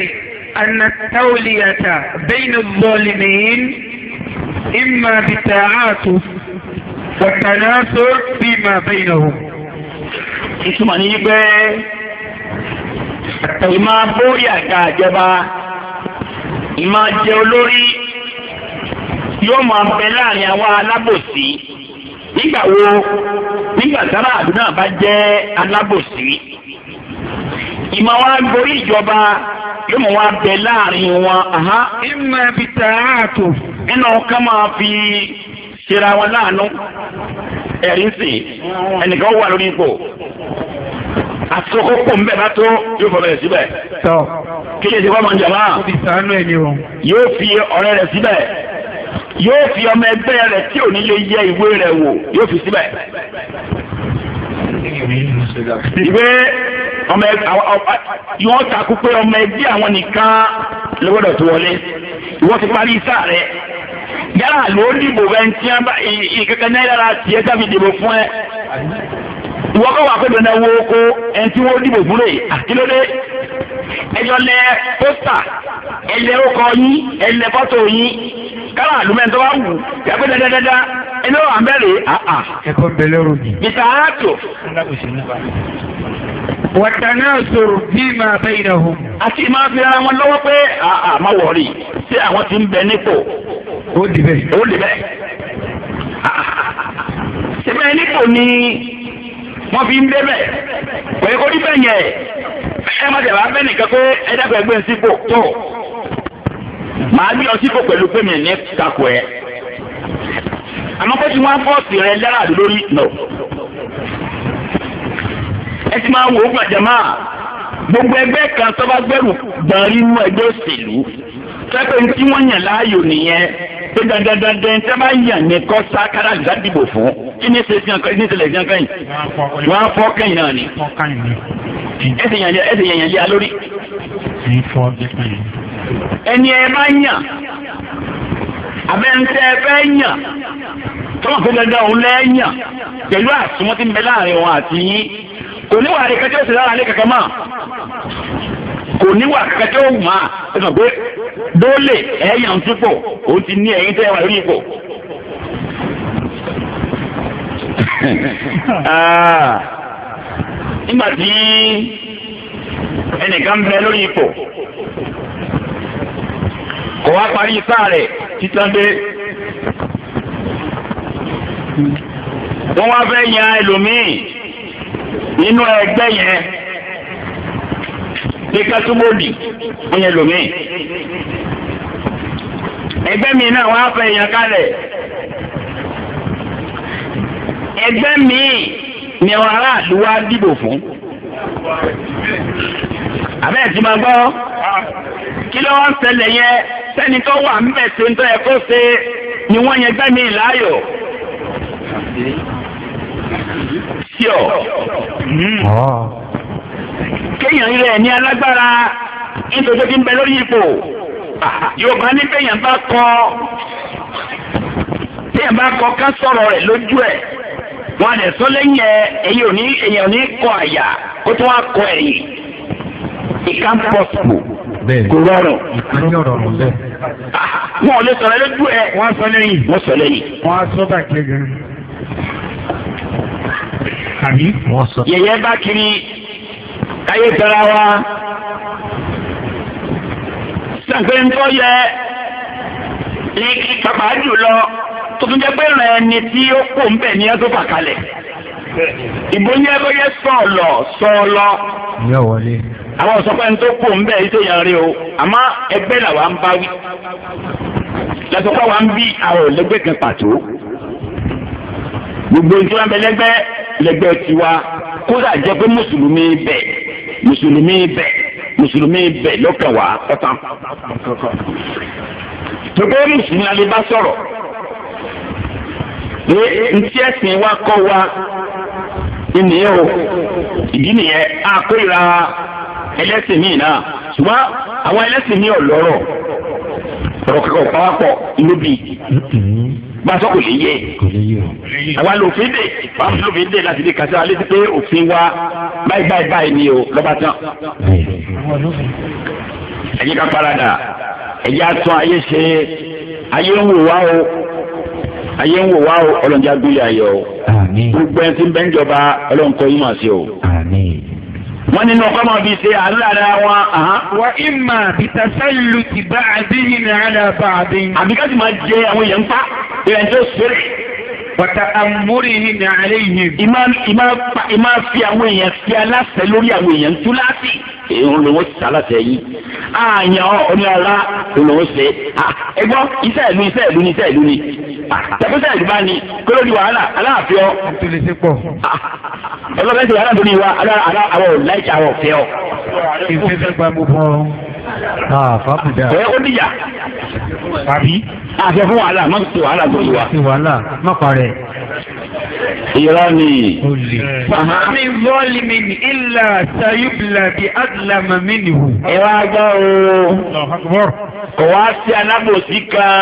anatawuliyata bẹ́yìn bọ́ọ̀lìmíín ìmà bìtà àtò wàtànàtò bímà bẹ́yìn ọ̀hún. ìtumọ̀ ní pé ìmọ̀ bórí àga àjọba ìmọ̀ jẹ́ olórí yóò máa bẹ láàrin àwọn alábòsí nígbà wo nígbà tára àdúrà bá jẹ́ alábòsí ìmọ̀ wa gorí ìjọba yóò mọ̀ wá bẹ láàrin wọn. ìmọ̀ ibi tá a tò. nínú ká máa fi ṣera wọn láàánú ẹ̀rí sí ẹnìkan wà lórí ipò asokoko nbẹ bá tó yóò fọ bẹ̀rẹ̀ síbẹ̀. tọ kéde ti fọmọ njàmá. o ti sànú ẹ ni o. yóò fi ọ̀rẹ́ rẹ̀ síbẹ̀ yóò fi ọmọ ẹgbẹ́ rẹ̀ tí ò ní lè yẹ ìwé rẹ̀ wò yóò fi síbẹ̀. ìwé ọmọ ẹ yọ̀ọ́ takú pé ọmọ ẹgbẹ́ àwọn nìkan ló gbọ́dọ̀ tó wọlé ìwọ́n ti parí sáà rẹ̀ yàrá ló dìbò bẹ́ẹ̀ tí wọ́n bá ìkẹ́kẹ́ náà yàrá tiẹ̀ tàbí dìbò fún ẹ. ìwọ́n kọ́ wà pé dandan wo ko ẹni tí wọ́n dìbò fún rẹ̀ àkílódé ẹjọ́ lẹ pósítà ẹlẹ́ ọkọ yín ẹlẹ́ fọ́tò yín kára àlùmẹ́ tó bá wù yàgbé dandandandan ẹni wọ́n wà ń bẹ̀rẹ̀ àà. ẹ̀kọ́ ń bẹ lẹ́rù mi. bìtà á wàtánásòrò bí máa bẹ́ ìdáhùn. a kì í máa fi ara wọn lọ́wọ́ pé àà má wọ̀rí tí àwọn ti ń bẹ nípò. ó dì bẹ́ẹ̀. ó dì bẹ́ẹ̀. sẹ́fẹ̀ nípò ni wọ́n fi ń débẹ̀ pẹ̀lú kó níbẹ̀ yẹn ẹ má tẹ̀wá bẹ́ẹ̀ nìkan pé ẹ sípò tó màá gbé ọ sípò pẹ̀lú pé mi ní àmọ́ tí wọ́n á rẹ ẹ ti máa wò ó gbàjàmá gbogbo ẹgbẹ́ kan tó bá gbẹ̀rù gbọ̀nrín inú ẹgbẹ́ òṣèlú sẹ́pẹ̀ tí wọ́n yàn láàyò nìyẹn pé dandandandan tí a bá yàn ní kọ́ sákàrà ìdádìbò fún kí ni ṣe fiyan kí ni ṣe lè fiyan kẹ́yìn wọ́n á fọ́ kẹ́yìn náà ni ẹsẹ̀ yàn ẹsẹ̀ yàn yàn lé alórí. ẹni ẹ bá yàn abẹ́ntẹ́ ẹ fẹ́ yàn tọ́wọ́n pé dandan òun lẹ́ yàn pẹ̀lú àsùnwọ́n ti ń bẹ láàrin wọn àti yín kò níwà ní kẹjọ sí lára ní kẹkẹ máa kò níwà kẹjọ máa ẹ sọ pé dóòlè ẹ̀yàn sípò ó ti ní ẹ̀yìn tẹ́ wà lórí ipò. Ah. nígbà tí ẹnìkan bẹ lórí ipò kò wá parí sáà rẹ̀ títàn dé wọ́n wá fẹ́ yan ẹlòmíì nínú ẹgbẹ́ yẹn bí kátúbọ̀dì ó yẹ lómi. ẹgbẹ́ mi náà wọ́n á fẹ́ yàn kalẹ̀. ẹgbẹ́ mi ni àwọn aráàlú wa dìbò fún. àbẹ́ẹ̀ tí máa gbọ́ kí ló wá ń yẹn sẹ́ni tó wà ń tó ń tọ́ ẹ kó ṣe ni wọ́n yẹn gbẹ́mí láàyò secure. Hmm. Ah. kéèyàn rẹ̀ ní alágbára nítorí kí n bẹ lórí ipò yorùbá ní kéèyàn bá kọ kéèyàn bá kọ ká sọ̀rọ̀ rẹ̀ lójú ẹ̀ wọn àdẹ̀ sọ lẹ́yìn ẹ̀ èyí ní èyàn ní kọ àyà kó tó wá kọ ẹ̀yìn ìka ń pọ̀ sùpò kò rọrùn. Ah, wọn ò lè sọ̀rọ̀ lójú ẹ̀. wọ́n sọ lẹ́yìn. wọ́n sọ lẹ́yìn. wọ́n á sọ bàjẹ́ gan àbí. yẹ̀yẹ́ bá kiri káyé tẹ̀ra wa sàgbé ńkọ́ yẹ ní pàpà jùlọ tó tún jẹ́ pé rẹ̀ ẹni tí ó kò ń bẹ̀ ní ẹgbẹ́ pàkalẹ̀ ìbò ní ẹgbẹ́ yẹ sọ̀ọ̀lọ̀ sọ̀ọ̀lọ̀ àwọn òṣùpá ẹni tó kò ń bẹ̀ ṣe yàrá o àmọ́ ẹgbẹ́ làwa ń bá wí lọ́sọ̀kọ́ wa ń bí àwọn òlẹ́gbẹ́ kan pàtó gbogbo ìtura bẹ lẹ́gbẹ́. lẹ́gbẹ́ tiwa kódà jẹ́ pé mùsùlùmí bẹ̀ mùsùlùmí bẹ̀ mùsùlùmí bẹ̀ lọ́kàn wá ọ̀tàn. pẹ̀pẹ́ mùsùlùmí alẹ́ bá sọ̀rọ̀ pé ntí ẹ̀sìn wa kọ́ wa nìyẹn o ìdí nìyẹn a kórìíra ẹlẹ́sìn míì náà ṣùgbọ́n àwọn ẹlẹ́sìn míì ọ̀lọ́rọ̀ ọ̀rọ̀ kọ̀ọ̀kan pọ̀ lóbi. bá a sọ kò lè yé àwa lòfin dè wàá fi lòfin dè láti lè kàṣẹ alẹ́ ti pé òfin wa báyìí báyìí báyìí ni o lọ́ba tán. ẹ jẹ́ ká parada ẹ jẹ́ àtún ayé ṣe ayé ń wò wá o ayé ń wò wá o ọlọ́njà gbélé ayé o gbogbo ẹ ti ń bẹ́ ń jọba ọlọ́nkọ́ yín mà sí o wọ́n nínú ọkọ máa fi ṣe àánú lára wọn. wà á ìmà bìtàṣẹ́lù ti bá àdéhìn ní àdàbà àdéhìn. àbíká sì máa jẹ àwọn èèyàn ń pa ìrìn tó sórí. bàtà àmúrìhì ní àlẹ́ yìí. ìmá fi àwọn èèyàn fi aláṣẹ lórí àwọn èèyàn túláàsì òun lòun ti sá láti ẹ̀yìn àyàn oní ọlá òun lòun ṣe ẹgbọ́ iṣẹ́ ìlú iṣẹ́ ìlú ni iṣẹ́ ìlú ni tẹ̀kọ́sẹ̀ ìlú bá ní kólódì wàhálà aláàfin ọ. ọlọ́pàá ti wàhálà tó ní wa àwọn ò láìka àwọn ò fẹ́ ọ. ìfẹ́fẹ́ gba gbogbo ọ. fàbùdà. ẹ ó dìjà. àbí. àfẹ́ fún wàhálà má ti wàhálà tó ní wa. ti wàhálà má parẹ́ irani. fàhámi vọ́ọ̀lìmì ilà sayubla bi adlama minhu. ẹ wá gbọ́ o. kò wá sí alábòsí kan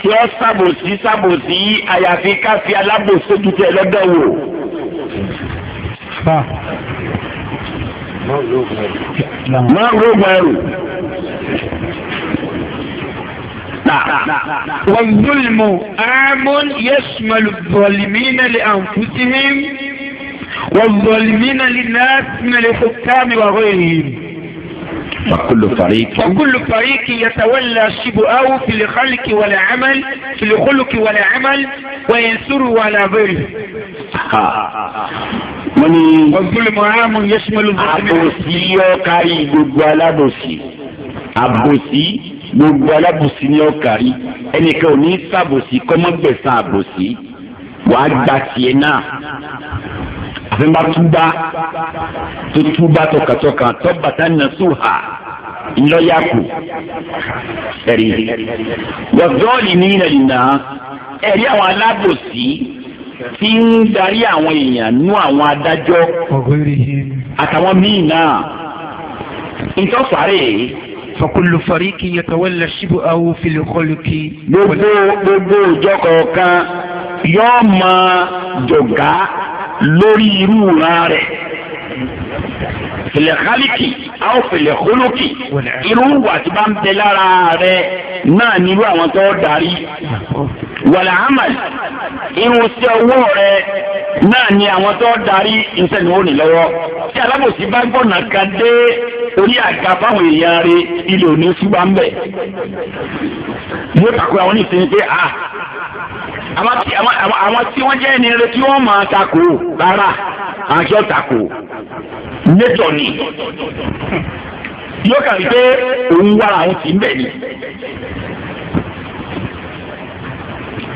tí ó ṣàbòsí ṣàbòsí àyàfi ká fi alábòsí ojú lọ́dọ̀ wò. máa ń rògbò ẹrù. والظلم عام يشمل الظالمين لأنفسهم والظالمين للناس من الحكام وغيرهم وكل فريق وكل فريق يتولى شبهه في الخلق والعمل في الخلق والعمل عمل على غيره wọ́n ní. ọ̀gbìn يشمل الظالمين أبوسي yọ كاري gbogbo alábòsí أبوسي gbogbo alábòsí ní ọ̀kàrí ẹnìkan ò ní sàbòsí kọ́mọ́gbẹ̀sán àbòsí wàá gba tiẹ̀ náà àfi bá túbá tó túbá tọkàtọkà tọ́bàtà nàṣùhà ńlọ́yàkù ẹ̀rí wọ́ọ̀dọ́ọ̀lì ní ilẹ̀ nìyà ẹ̀rí àwọn alábòsí tí ń darí àwọn èèyàn nú àwọn adájọ́ àtàwọn míì náà ìtọ́fàárẹ̀ yìí. فكل فريق يتولى shibu awo fili kọluki. gbogbo gbogbo ìjọ kọ̀ọ̀kan yóò máa jọ̀gá lórí irú ra rẹ̀ fìlẹ̀kálíkì àwọn fìlẹ̀kólókì irú wà tí bá ń bẹ lára rẹ̀ náà nírú àwọn tó darí. wàlà amal irun ọwọ́ rẹ náà ni àwọn tó darí ni wọ́n ní lọ́wọ́ tí alábòsí bá gbọ́nà ka dé orí àga èèyàn rẹ ilé òní ṣùgbọ́n ń bẹ̀. ní ìsinmi pé a ah, àwọn tí wọ́n jẹ́ ẹni rẹ tí wọ́n máa takò rárá takò nẹ́tọ̀ ni yóò kàn rí pé ń bẹ̀ ni.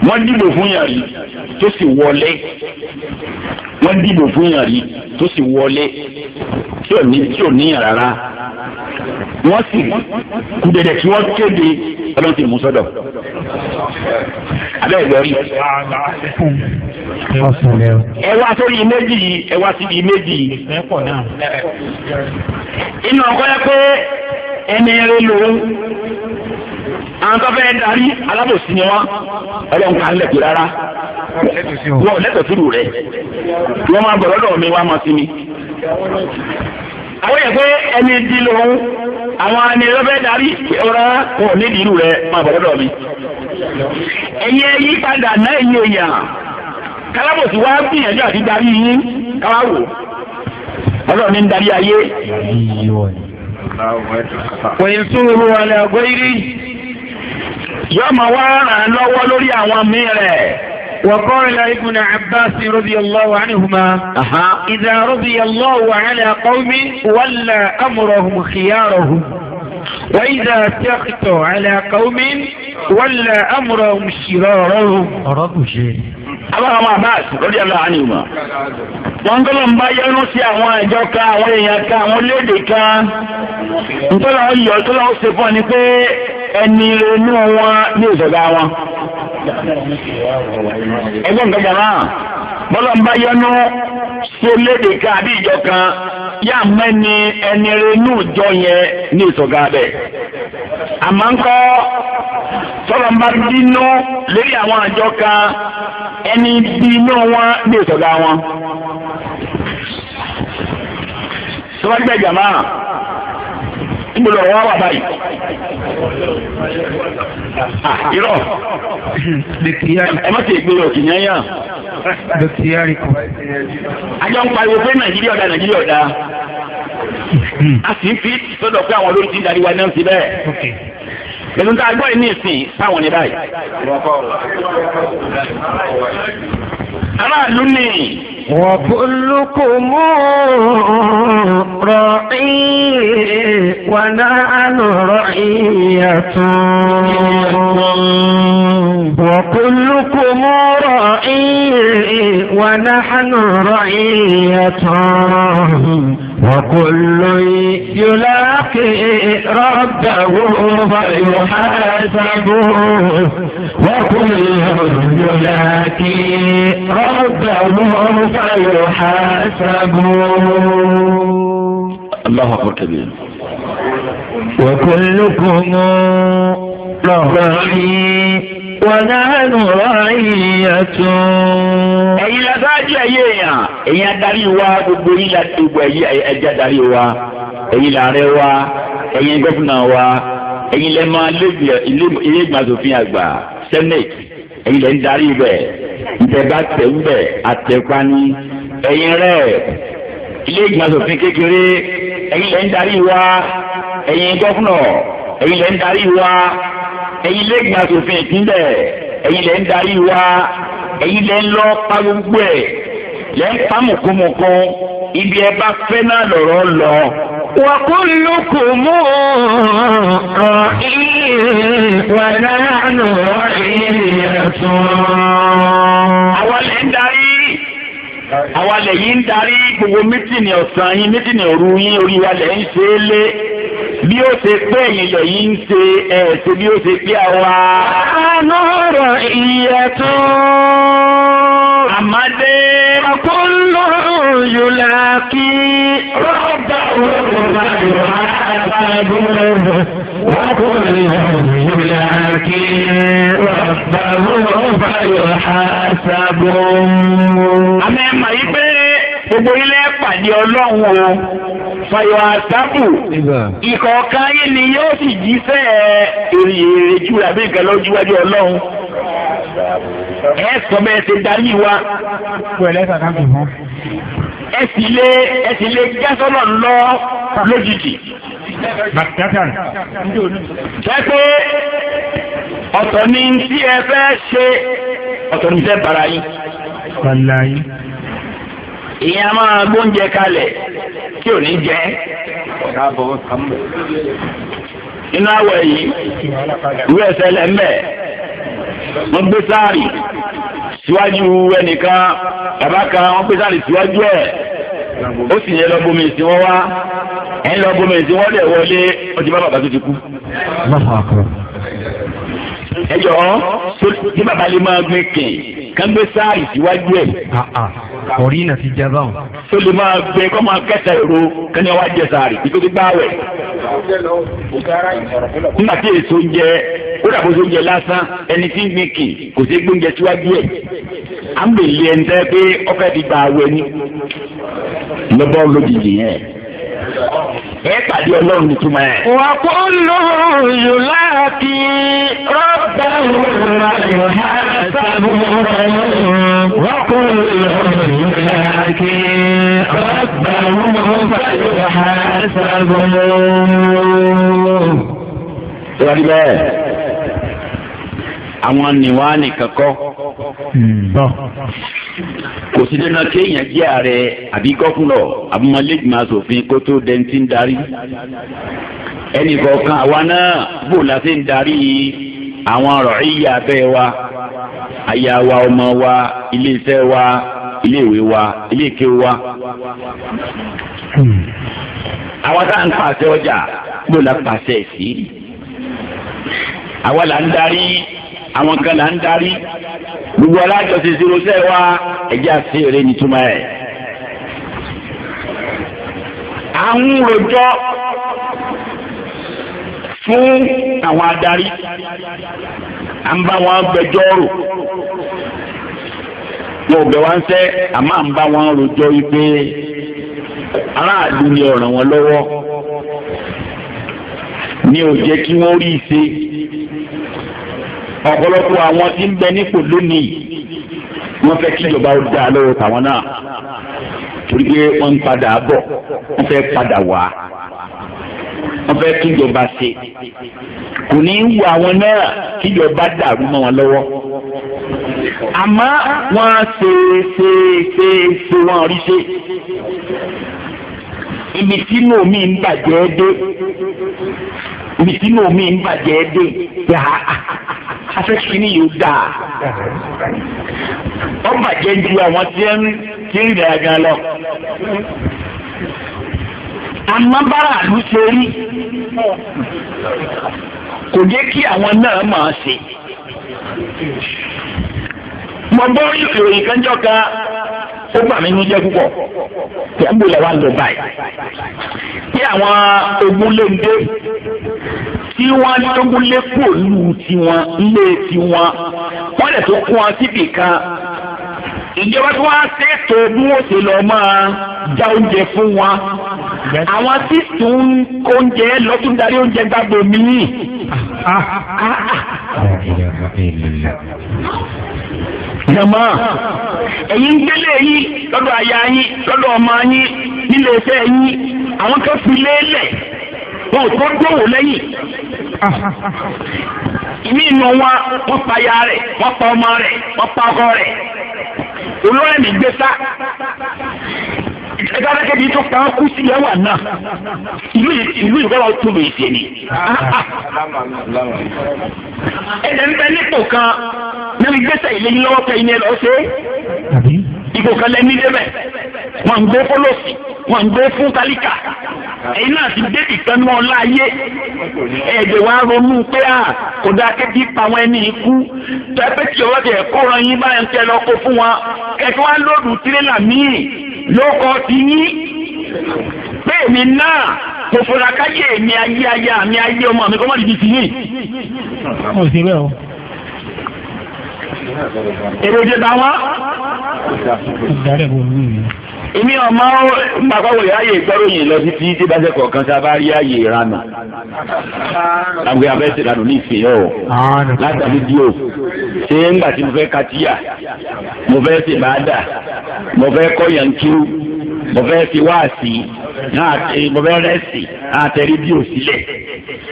wọ́n dìbò fún yàn rí tó sì wọlé wọ́n dìbò fún yàn rí tó sì wọlé tí ò ní tí ò níyàn rárá wọ́n sì kú dẹ̀dẹ̀ kí wọ́n kéde ọlọ́run ti mú sọ́dọ̀ abẹ́ ìlọrí. ẹ wá sórí méjì yìí ẹ wá síbi méjì yìí. inú ọkọ yẹ pé ẹni rẹ lòun. àwọn tó fẹ́ darí alábòsí ni wọ́n ọlọ́run kan lẹ̀ rárá wọ́n lẹ́tọ̀ọ́ sílù rẹ̀ wọ́n máa bọ̀ lọ́dọ̀ mi wá máa sí mi. àwọn yẹn pé ẹni di lòun àwọn ẹni tó fẹ́ darí ọ̀rá rẹ̀ máa mi. ẹ̀yin padà náà ẹ̀yin èèyàn kálábòsí wá gbìyànjú àti darí yín káwáwò ọlọ́run yóò máa wá ràn án lọ́wọ́ lórí àwọn míì rẹ̀. وقال ابن عباس رضي الله عنهما أها. إذا رضي الله على قوم ولى أمرهم خيارهم وإذا سخط على قوم ولى أمرهم شرارهم رب abáwọn máa bá lórí ẹ̀ láàánú ìmọ̀. wọ́n ń gbọ́dọ̀ ń bá yẹnu sí àwọn ẹ̀jọ́ kan àwọn èèyàn kan àwọn orílẹ̀-èdè kan ntọ́lá ọyọ̀ tọ́lá ó ṣe fún ọ ni pé ẹni ronú wọn ní ìṣọ̀gá wọn. ẹgbẹ́ nǹkan jàmáà bọ́lá ń bá yẹnu ṣe léde kan àbí ìjọ kan yá mẹ́ni ẹni renú ìjọ yẹn ní ìsọ̀gá bẹ̀. àmọ́ ń kọ́ tọ́lọ̀ ń bá bínú lórí àwọn àjọ kan ẹni bínú wọn ní ìsọ̀gá wọn. sọ́wọ́n gbẹ̀jàmá. So, tí mo lọ wọ́n wà báyìí. irọ́ ẹ má ti gbé lọ kì í yán yàn. àjọ ń pariwo pé nàìjíríà ọ̀dà nàìjíríà ọ̀dà a sì ń fi sọ́dọ̀ pé àwọn olórí ti ń darí wa náà ń ti bẹ́ẹ̀ pẹ̀lú tá a gbọ́ ní ìsìn táwọn ní báyìí. aráàlú ni. وكلكم راعي ونحن رعية وكلكم راعي ونحن رعية وكل يلاقي ربه فيحاسب وكل يلاقي ربه فيحاسب الله أكبر كبير وكلكم راعي ونحن رعية ẹ̀yin la sáájú a èèyàn ẹ̀yin adarí wa gbogbo yín la gbogbo ẹ̀yin ẹ̀jẹ̀ adarí wa ẹ̀yin làárẹ̀ wa ẹ̀yin gọ́fúnà wa ẹ̀yin ma ilé ìgbàsófin àgbà senate ẹ̀yin lẹ́ darí bẹ̀ ìtẹ̀bá tẹ̀ ń ẹ̀yin rẹ̀ ilé ìgbàsófin kékeré ẹ̀yin wa ẹ̀yin gọ́fúnà ẹ̀yin wa. ẹ̀yin lẹ́gbìn asòfin ìpínlẹ̀ ẹ̀yin lẹ́ ń darí wa ẹ̀yin lẹ́ ń lọ pa gbogbo ẹ̀ lẹ́ ń pa mùkúmùkún ibi ẹ bá fẹ́ náà lọ̀rọ̀ lọ. wa kullukum ra'in wa nahnu ra'iyatun. àwọn lẹ́ ń darí àwa lẹ̀ yìí ń darí gbogbo mítìnì ọ̀sán yín mítìnì òru yín orí wa lẹ̀ ń ṣe é lé bí ó ṣe pé ìyẹn yìí ń ṣe ẹ̀ ṣe bí ó ṣe pé àwa. àánú rọ̀ ìyẹ̀tọ́. àmàdé. ọ̀pọ̀lọ́ yòlá kí. rọ́bà òun kò bá yọ̀ ọ́ àbábọ̀ rẹ̀ wọ́n kò lè rẹ̀. ولكن ربه فيحاسب àmì ẹ̀ màá yí pé gbogbo ilé pàdé ọlọ́run o fàyọ̀ ìkọ̀ọ̀kan yìí ni yóò sì jíṣẹ́ èrè àbí nǹkan lọ́jọ́ ọlọ́run ẹ̀ sọ bẹ́ẹ̀ ṣe darí wa ẹ sì lè ẹ sì lè gẹ́sọ́nà lọ lójijì. jẹ́ pé ọ̀tọ̀ ni tí ẹ fẹ́ ṣe ọ̀tọ̀ ni tẹ́ bara yín. ìyẹn a máa gbóúnjẹ kalẹ̀ tí ò ní jẹ́ nínú àwọ̀ yìí ìwé ẹsẹ̀ lẹ́mẹ̀ẹ́ wọ́n gbé sáàrì síwájú ẹnìkan bàbá kan wọ́n gbé sáàrì síwájú ẹ̀ ó sì yẹ lọ́gbọ́mi sí wọ́n wá ẹ̀ ń lọ́gbọ́mi sí wọ́n lẹ̀ wọlé ọtí bá bàbá tó ti kú. ẹ jọ tí bàbá lè máa gbé kìn kán gbé sáàrì síwájú ẹ̀. ọ̀rí ah, ah. náà ti jẹ báwọn. tó lè máa gbé kó máa kẹta èrò kán ní wàá jẹ sáàrì kí tó ti gbá wẹ̀. nígbà tí èso ń jẹ kódà bó ṣe oúnjẹ lásán ẹni tí ń gbin kì kò sí gbóúnjẹ síwájú ẹ̀ à ń bèlè ẹni tẹ́ pé ọkọ̀ ti gba awẹ ni lọ́bọ̀ lójijì yẹn ẹ pàdé ọlọ́run ní túmọ̀ ẹ̀. wà á kó lò yò láti rọ́bà ìwà ìhà sábúrò wà á kó lò yò láti rọ́bà ìwà ìhà sábúrò. ìwádìí bẹ́ẹ̀ àwọn nìwá nìkan kọ́. Hmm, kò sí dandan kéèyàn jẹ́ ààrẹ àbí gọ́fúnọ̀ abúmọ̀lẹ́gbìmọ̀ asòfin kó tó dẹ́ntì ń darí. ẹnì kọ̀ọ̀kan àwa náà bò láti ń darí àwọn rọ̀ọ́yà abẹ́ wa aya wa ọmọ wa ilé iṣẹ́ wa ilé ìwé wa ilé ìké wa. Hmm. àwa tá à ń pàṣẹ ọjà bò la pàṣẹ sí. àwa là ń darí àwọn kan là ń darí gbogbo alájọsí zero wa ẹjẹ àti èrè nítumọ̀ ẹ̀. àwọn rojọ́ fún àwọn adarí à ń bá wọn gbẹ́jọ́ rò wọn ò bẹ̀ wá ń sẹ́ à ń bá wọn rojọ́ yìí pé aráàlú ni ọ̀ràn wọn lọ́wọ́ ni ò jẹ́ kí wọ́n rí i ọ̀pọ̀lọpọ̀ àwọn tí ń bẹ nípò lónìí wọ́n fẹ́ kí ìjọba ó dáa lọ́wọ́ tàwọn náà torí pé wọ́n ń padà bọ̀ wọ́n fẹ́ padà wá wọ́n fẹ́ kí ìjọba ṣe kò ní í wo àwọn náà kí ìjọba dàrú mọ́ wọn lọ́wọ́ àmọ́ wọ́n á ṣe ṣe ṣe ṣe wọ́n rí ṣe ibi tí inú mi ń bàjẹ́ dé ibi tí mi ń bàjẹ́ dé yà afẹ́kí ni yóò dà ó bàjẹ́ ju àwọn tí ń tí ń rìn àgàn lọ. àmọ́ bára ṣe rí kò jẹ́ kí àwọn náà máa ṣe. mo gbọ́ ìròyìn kan jọ kan ó bà mí ní jẹ́ púpọ̀ tí ń kí àwọn ogun ló ń dé tí wọ́n tó múlé kò lù tiwọn lé tiwọn wọ́n lè tó kún wọn síbì kan ìjọba tí wọ́n á ṣètò bí wọ́n ṣe lọ máa já oúnjẹ fún wọn àwọn tí tún oúnjẹ lọ tún darí oúnjẹ gbàgbé míì. jama ẹ̀yin gbélé yìí lọ́dọ̀ aya yín lọ́dọ̀ ọmọ yín nílé iṣẹ́ yín àwọn kan fi lélẹ̀ wọn ò tó dòwò lẹ́yìn. ìmí inú wọn wọ́n pa ya rẹ̀ wọ́n pa ọmọ rẹ̀ wọ́n pa ọkọ rẹ̀ olórí mi gbé sá ẹgbẹ́ abẹ́kẹ́ bíi tó kàn kú sí yẹn wà náà ìlú ìlú ìgbọ́wọ́ tó lè ṣe ni. ẹ̀dẹ̀ ń bẹ nípò kan náà gbẹ́sẹ̀ ilé yín lọ́wọ́ kẹ́yìn lọ ṣe ìbò kan lẹ́ni débẹ̀ wọ́n ń gbé fọlọ́sì wọ́n ń gbé fún kálíkà ẹ̀yin náà ti dé ìkànnì wọn láàyè ẹ̀jẹ̀ wa ronú pé à kò dáa kébí pa wọn ẹni ikú tẹ́pẹ́tì ọ̀rọ̀ tẹ̀ kó ran yín báyìí ń tẹ lọ kó fún wọn kẹ̀kẹ́ wọn lóòdù tirẹ́là míì ló kọ́ ti yín bẹ́ẹ̀mi náà kò fura káyé mi ayé ayé mi ayé ọmọ mi kọ́ mọ́ níbi ti yín. mo sì bẹ́ẹ̀ o. èrò ìjẹta wọn èmi ọmọ pàpàwọ̀ ìráyè ìgbọ́ròyìn lọ títí tí bá ṣe kọ̀ọ̀kan tá a bá rí àyè ìranà àgbẹ̀ abẹ́sẹ̀ lànà ní ìfẹ́ ọ̀ látàrí díò ṣé ńgbà tí mo fẹ́ katíyà mo fẹ́ ṣe bàádà mo fẹ́ kọ́yàn kíú mo fẹ́ ṣe wáàsí mo fẹ́ rẹ́sì àtẹ̀rí díò sílẹ̀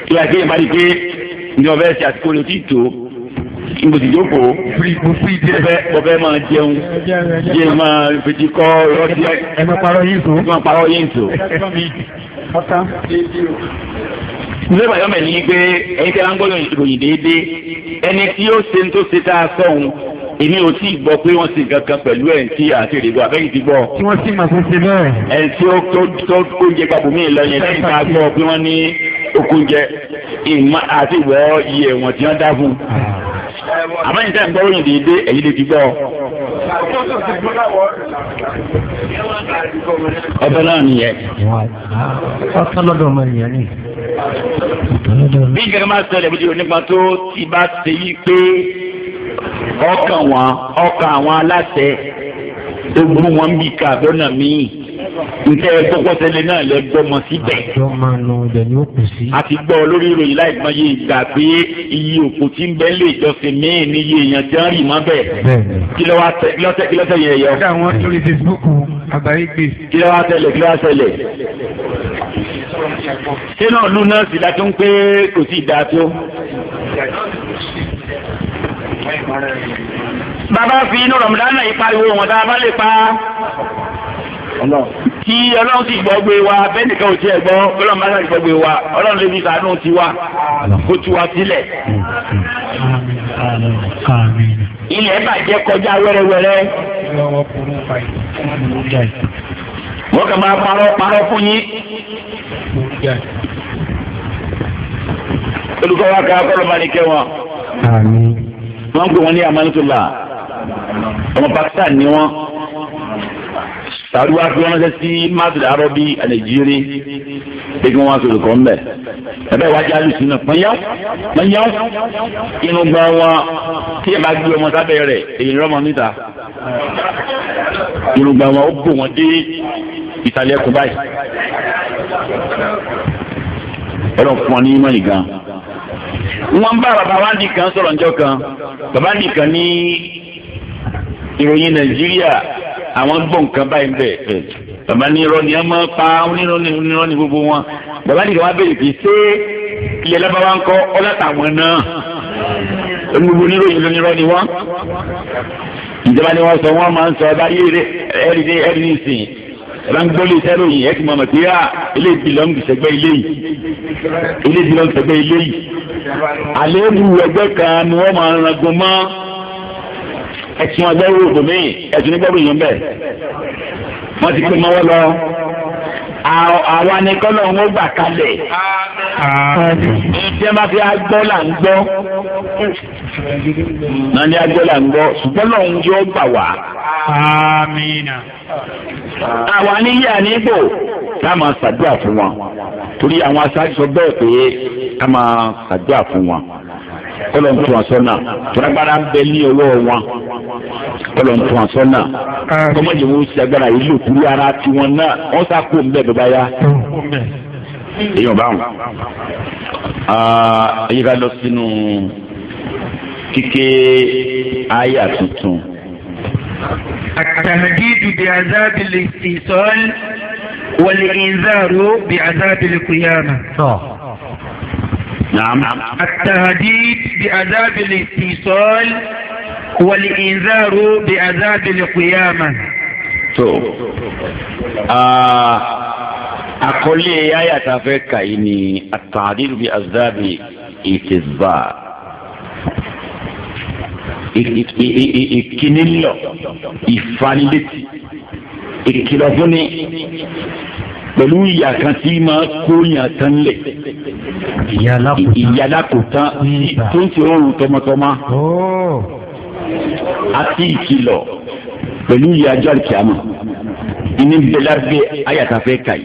kí a gbé ìbáraẹni pé ní ọ̀fẹ́ ṣe àsìkò lè ti tó mo sì jókòó mo fi díẹ̀ bẹ́ẹ̀ mo fẹ́ máa jẹun jẹ́ máa fetí kọ́ rọ́ọ̀tì ẹ máa parọ́ yín tó ẹ máa parọ́ yín tó. ilé ìbàdàn mẹ́rin ni pé ẹ̀yin tẹ́lá ń gbọ́dọ̀ ìròyìn déédéé ẹni tí ó ṣe ń tó ṣe tá a sọ̀hún èmi ò tí ì gbọ́ pé wọ́n ṣe nǹkan kan pẹ̀lú ẹ̀ tí àti ìrìbọ abẹ́yìn ti gbọ́. tí wọ́n sì máa fún ṣe bẹ́ẹ̀. ẹ̀ tí ó tó tó oúnjẹ papò mí lọ yẹn lẹ́yìn tá a gbọ́ pé wọ́n ní okúnjẹ àti ìwọ́ iye ẹ̀wọ̀n tí wọ́n dá fún ah àmọ́ ìjà ń gbọ́ròyìn déédé èyí lè fi gbọ́. ọbẹ̀ náà nìyẹn. ọ̀sán lọ́dọ̀ ọmọ ènìyàn ni. bí ìjọba máa ṣẹlẹ̀ bójú onípa tó ti bá ṣe yí pé ọkàn wọn ọkàn àwọn aláṣẹ tó gbó wọn bí ká lọ́nà míì nǹkan ẹ tọkọtẹlẹ náà lẹ gbọmọ síbẹ̀. a ti gbọ́ lórí ìròyìn láì máa yé ìgbà pé iye òkú tí ń bẹ lè jọsìn míì ní iye èèyàn tí wọ́n rì mọ́ bẹ̀. kí ló wá tẹ kí ló tẹ kí ló tẹ yẹn yọ. kódà wọn lórí Facebook àbáyé gbé. kí ló wá tẹlẹ kí ló wá tẹlẹ. ṣé náà nù náà sì la ń pé kò sí ìdá tó. bàbá fi inú rọ̀mùdánà yìí pariwo wọn tá a bá lè pa kí ọlọ́run ti gbọ́ gbé wa bẹ́ẹ̀nìkan ò tiẹ̀ gbọ́ ọlọ́run máa ń gbọ́ gbé wa ọlọ́run lè fi sàánú ti wa kó tu wa sílẹ̀. ilẹ̀ bàjẹ́ kọjá wẹ́rẹ́wẹ́rẹ́ wọ́n kàn máa parọ́ parọ́ fún yín. olùkọ́ wa ká kọ́ ló máa ní kẹ́ wọn. wọ́n ń pè wọ́n ní amanitula ọmọ Pakistan ni wọ́n sàrú wa fi wọn ṣe sí madu arọbí nàìjírí pé kí wọn fi olùkọ́ mbẹ ẹbẹ wa jẹ alùsí náà pọnyá pọnyá inú gbọ wọn tí ẹ bá gbé ọmọ sábẹ́ rẹ̀ èyí ni ọmọ níta inú gbọ wọn ó bò wọn dé ìsàlẹ̀ ẹkùn báyìí ọlọ́run fún wọn ní ìmọ̀ yìí gan wọn bá bàbá wa nìkan sọ̀rọ̀ njọ́ kan bàbá nìkan ní ìròyìn nàìjíríà àwọn gbọ́ nǹkan báyìí bẹ́ẹ̀ bàbá ní irọ́ ni ẹ máa pa onírọ́ ni onírọ́ ni gbogbo wọn bàbá nìkan wá bèrè pé ṣé ilẹ̀ lábáwá ń kọ́ ọlọ́tàwọn náà gbogbo oníròyìn onírọ́ ni wọ́n ìjọba ni wọ́n sọ wọ́n máa ń sọ ọba yé ẹ̀rí ní ẹ̀rí ní ìsìn ẹ̀rọ ń gbọ́lé iṣẹ́ ròyìn ẹ̀kí mọ̀mọ́ pé à ah, ilé bìlọ́ǹgì sẹ́gbẹ́ ilé yìí ilé bìlọ́ǹgì sẹ́gbẹ́ ilé yìí àlẹ́ ẹ̀rù ẹgbẹ́ kan ni wọ́n máa ń rangun mọ́ ẹtún ọgbẹ́ wo domain ẹtún ní gbẹ́bù yẹn bẹ́ẹ̀ wọ́n ti pè mọ́wọ́ lọ àwa ni kọ́lọ̀ ń gbà kalẹ̀ ìjẹ́ máa fi agbọ́ là ń gbọ́ náà ni agbọ́ là ń gbọ́ ṣùgbọ́n lọ́hún yóò gbà wá. àwa níyà níbò ká máa ṣàdúrà fún wọn torí àwọn aṣáájú sọ bẹ́ẹ̀ pé ká máa ṣàdúrà fún wọn kọlọ̀ ń tún wọn sọ́nà tọ́lágbára ń bẹ ní ọwọ́ wọn kọlọ̀ ń tún wọn sọ́nà kọ́mọ̀jì wọn ṣe agbára yìí lò kúrú ara tiwọn náà wọ́n sá kó ń bẹ̀ bàbá yá èyí ò bá wọn. èyí ká lọ sínú kíké àyà tuntun. التهديد بعذاب الاستئصال والإنذار بعذاب القيامة. نعم التهديد بعذاب الاتصال والإنذار بعذاب القيامة تو آه، أقول لي يا يا تفكك إني التهديد بعذاب الاستيصال إكنيلو إفانيتي إكلوفوني pẹ̀lú ìyà kan tí máa kóyàn tán lẹ̀ ìyàlákòtán tó ń ti rọrùn tọmọtọmọ àti oh. ìkìlọ̀ pẹ̀lú ìyà ajá ìkìámọ̀ ìní bẹ́lá bẹ́ ayàtàfẹ́ kàì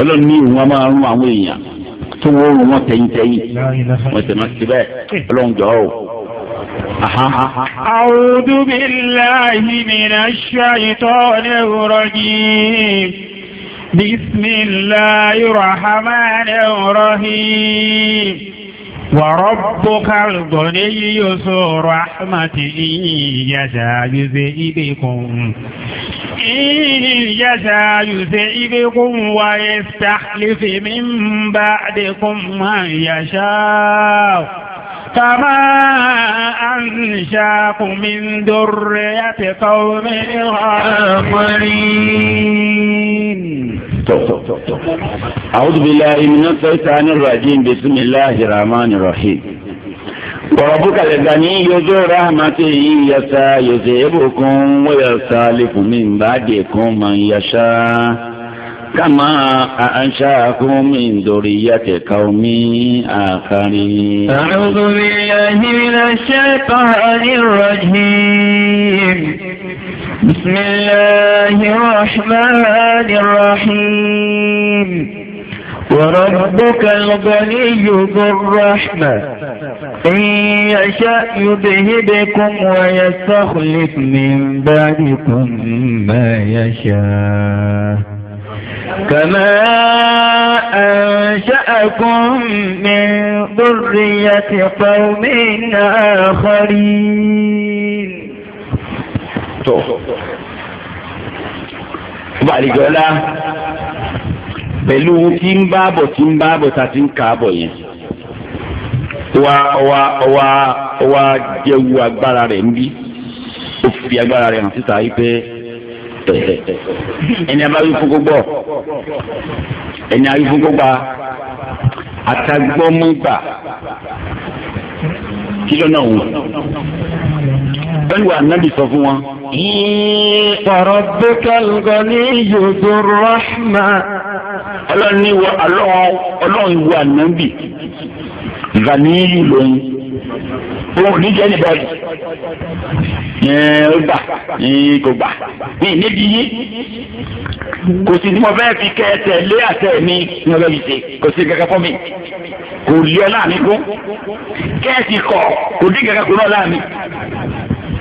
ọlọ́run ní ìwọ̀n máa rún àwọn èèyàn tó wọ́n rún wọn tẹ̀yìntẹ̀yìn wọ́n sì máa ti bẹ́ẹ̀ ọlọ́run jọ ọ́ أعوذ بالله من الشيطان الرجيم بسم الله الرحمن الرحيم وربك الغني ذو الرحمة إن يشاء يذهبكم إن يشاء يذهبكم ويستخلف من بعدكم من يشاء كما أنشاكم من ذرية قوم آخرين tọ̀. a'udhu من minash الرجيم بسم الله rahmanir rahim. وربك الغني ذو رحمته يسعى يذهبكم ويستخلف من بعدكم من يشاء كما أنشأكم من ذرية قوم آخرين أعوذ بالله من الشيطان الرجيم بسم الله الرحمن الرحيم وربك الغني ذو الرحمة إن يشأ يذهبكم ويستخلف من بعدكم ما يشاء كما أنشأكم من ذرية قوم آخرين tó balẹ̀jọ́lá pẹ̀lú tí ń bá bọ̀ tí ń bá bọ̀ tá ti ń kà á bọ̀ yẹn wa wa wa wa jẹ́wu agbára rẹ̀ ń bí ó fi agbára rẹ̀ hàn síta yìí pé ẹni abáwí fún gbogbo ẹni abáwí fún gbogbo atagbọ́mọgbà kí ló náà wù bẹ́ẹ̀ wà nábì sọ fún wọn. rabbikal ganiyyu dhur rahma. ọlọ́run ní ọlọ́run ìwọ ànábì ganiyyu lóyún òun níjẹ́ níbọ̀dì ó gbà kò gbà ní níbi yìí kò sí ní mo fẹ́ fi kẹ́ ẹ tẹ̀lé àtẹ̀ mi ní ọjọ́ yìí ṣe kò sí kankan fún mi kò lé ọ láàmì kún kẹ́ẹ̀sì kọ̀ kò dín kankan kún ọ láàmì.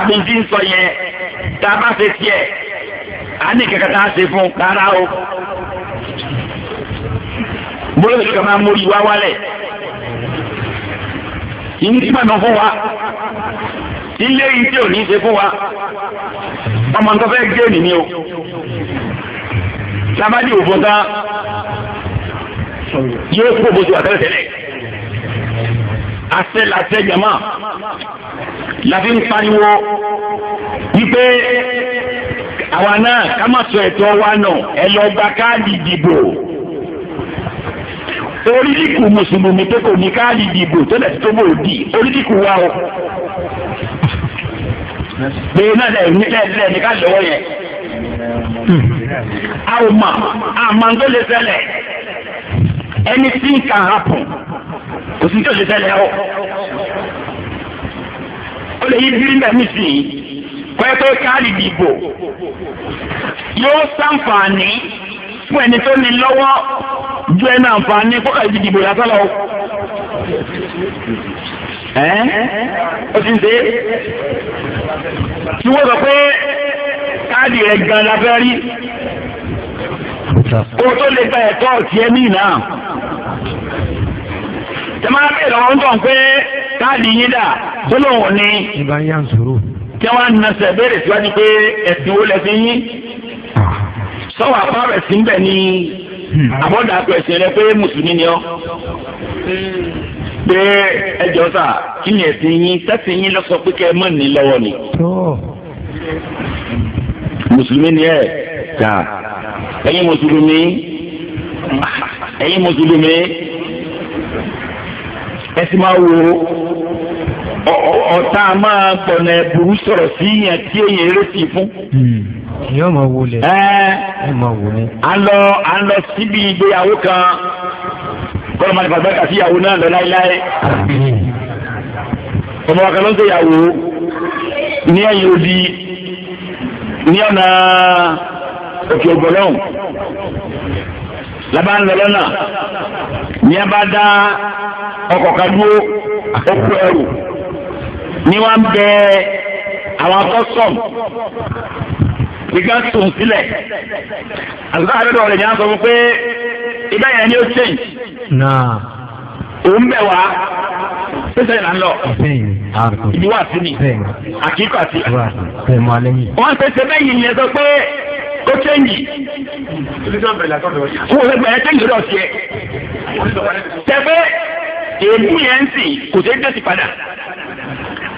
àbíntí ń sọ yẹn tá a bá ṣe tiẹ̀ a ní kẹ̀kẹ́ tá a ṣe fún rárá o. bólú ìṣèkà máa mórí wá wálẹ̀ ìní tí màmá fún wa ilé yìí tí ò ní ṣe fún wa ọmọ nǹkan fẹ́ gé nìyí o sábàdì òfin tán yóò kó bó ti wà tẹ́lẹ̀tẹ́lẹ̀ àṣẹ làṣẹ jẹ̀mọ́ la ń pariwo wípé àwa náà ká ẹ̀tọ́ wa nà ẹ lọ gba káàdì ìdìbò orílẹ̀kù mùsùlùmí tó kò ní káàdì ìdìbò tó lẹ̀ tó bò dì orílẹ̀kù wa o pé náà lẹ̀ nílẹ̀ nílẹ̀ ní ká lọ́wọ́ yẹn a ò mà a mà ń tó lè ṣẹlẹ̀ anything can happen kò sí tó lè ṣẹlẹ̀ o ó lè yí bírí bẹ́ẹ̀ nísìnyí pẹ́ẹ́pẹ́ káàdì dìbò yóò ṣàǹfààní fún ẹni tó ní lọ́wọ́ ju ẹni àǹfààní kó káàdì dìbò yàtọ̀ lọ. ó ti ń ṣe tí wọ́n sọ pé káàdì rẹ̀ gan la fẹ́ rí kó tó lè gba ẹ̀tọ́ ọ̀tí ẹ̀mí náà. tẹ̀mọ́ bẹ́ẹ̀ lọ́wọ́ ń tàn pé káàdì yín dà gbólóhùn ni. ìbá yà ń sòrò. kí wọ́n á nasẹ̀ béèrè síwájú pé ẹ̀sìn wo lẹ fi yín. sọ́wọ́ apá rẹ̀ sí bẹ̀ ni hmm. àbọ̀dà àpò ẹ̀sìn rẹ pé mùsùlùmí ni ọ́. pé ẹjọ́ sà kí ni ẹ̀sìn yín sẹ́sìn yín lọ pé kẹ́ ẹ ní lọ́wọ́ ni. mùsùlùmí ni ẹ̀ ta ẹ̀yin mùsùlùmí ẹ̀yin mùsùlùmí ẹ sì máa wo ọ̀tá máa gbọ̀nà ẹ̀bùrú sọ̀rọ̀ sí yẹn tí èyàn eré sí fún. Hmm. yóò máa wo lẹ. ẹ ẹ a lọ a lọ síbi ìgbéyàwó kan kọ́lọ́ máa ní fàgbẹ́ kà sí ìyàwó náà lọ láéláé. Hmm. ọmọ wa kan ló ń ṣèyàwó ní ẹ̀yìn odi ní ọ̀nà òkè ògbọ́lọ́hùn lábá ń lọ lọ́nà ní a bá dá ọkọ̀ kan dúró okú ẹrù ní wọ́n bẹ àwọn akọ́sọ̀m ìgbà tún sílẹ̀ àtúntò àbẹ̀dọ̀ ọ̀rẹ́ ni a sọ fún pé ibà yẹn ni ó change. òun bẹ̀ wá pèsè ìlànà lọ ìdíwọ́ àti ni àkíkọ̀ àti. wọ́n ń pèsè bẹ́yìn ni ẹ sọ pé kó chẹ́ǹgì. Wọ́n fẹ́ gbà yẹn chẹ́ǹgì lọ́dọ̀ tiẹ̀. Tẹ̀fẹ́ èébú yẹn ń sìn kò tẹ́ dẹ́sì padà.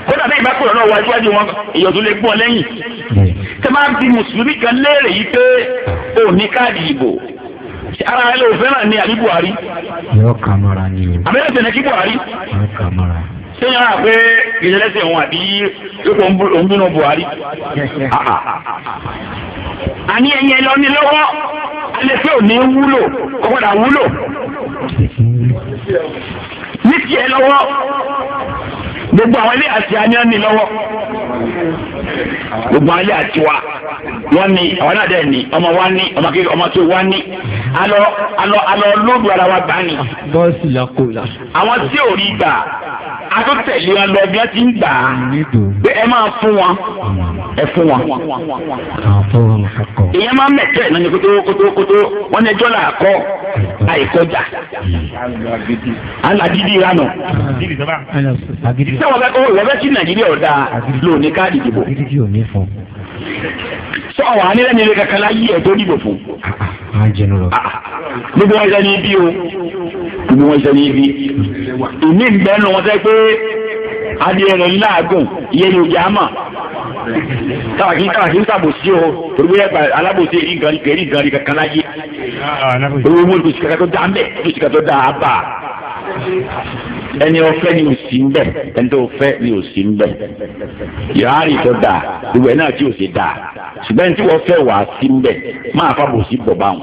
Kódà bẹ́ẹ̀ bá kúrò náà wájú wájú wọn ìyọ̀dún lè gbọ́ lẹ́yìn. Tẹ máa bí Mùsùlùmí kan léèrè yìí pé ò ní káàdì ìbò. Ara ẹ lè fẹ́ràn ní àbí Buhari. Yọ kàmọ́ra ni o. Àbẹ́rẹ́ tẹ̀lé Buhari. Yọ kàmọ́ra ṣé yàrá pé ìṣẹ̀lẹ̀sẹ̀ òun àbí yóò ń bínú Buhari. àní ẹyẹ lọ ní lọ́wọ́ alẹ́ tí ò ní wúlò ọ̀padà wúlò ní tiẹ̀ lọ́wọ́ gbogbo àwọn ilé àti àníyàn ní lọ́wọ́ gbogbo àwọn ilé àti wa wọ́n ní àwọn náà dẹ̀ ní ọmọ wa ní ọmọ kékeré ọmọ tó wa ní alọ alọ alọ lóòdù ara wa gbà ní. bọ́ọ̀sì la kò la. àwọn tí ò rí gbà a tó tẹ̀lé wọn lọ bí wọ́n ti ń gbà á pé ẹ máa fún wọn ẹ fún wọn. ìyẹn máa ń ẹ̀ náà kótó kótó kótó wọn ní ẹjọ́ là á kọ́ àìkọjà. alágídí ranù wọn fẹ́ kó fẹ́ kí nàìjíríà ọ̀dà lónìí káàdì ìdìbò. sọ wà á nílẹ̀ nílẹ̀ kankan láyé ẹ̀ dìbò fún. Ah, gbogbo wọn ṣe ní ibi o gbogbo wọn ṣe ní ibi. ìmí ń wọn sẹ́ pé adìẹ rẹ̀ ńláàgùn ìyẹn ni òjá mà tàbí tàbí sàbòsí o torí wíyà gba alábòsí èyí nǹkan rí èyí kankan láyé ah, owó mọ̀ lùsìkà tó dá mbẹ́ lùsìkà tó dá a ẹni ọfẹ ni ò sí ń bẹ ẹni tó fẹ́ ni ò sí ń bẹ yàrá ìtọ́ da ìwẹ̀ náà tí ò sí da ṣùgbọ́n tí wọ́n fẹ́ wà á sí ń bẹ máa fa bò sí bọ̀ báwọn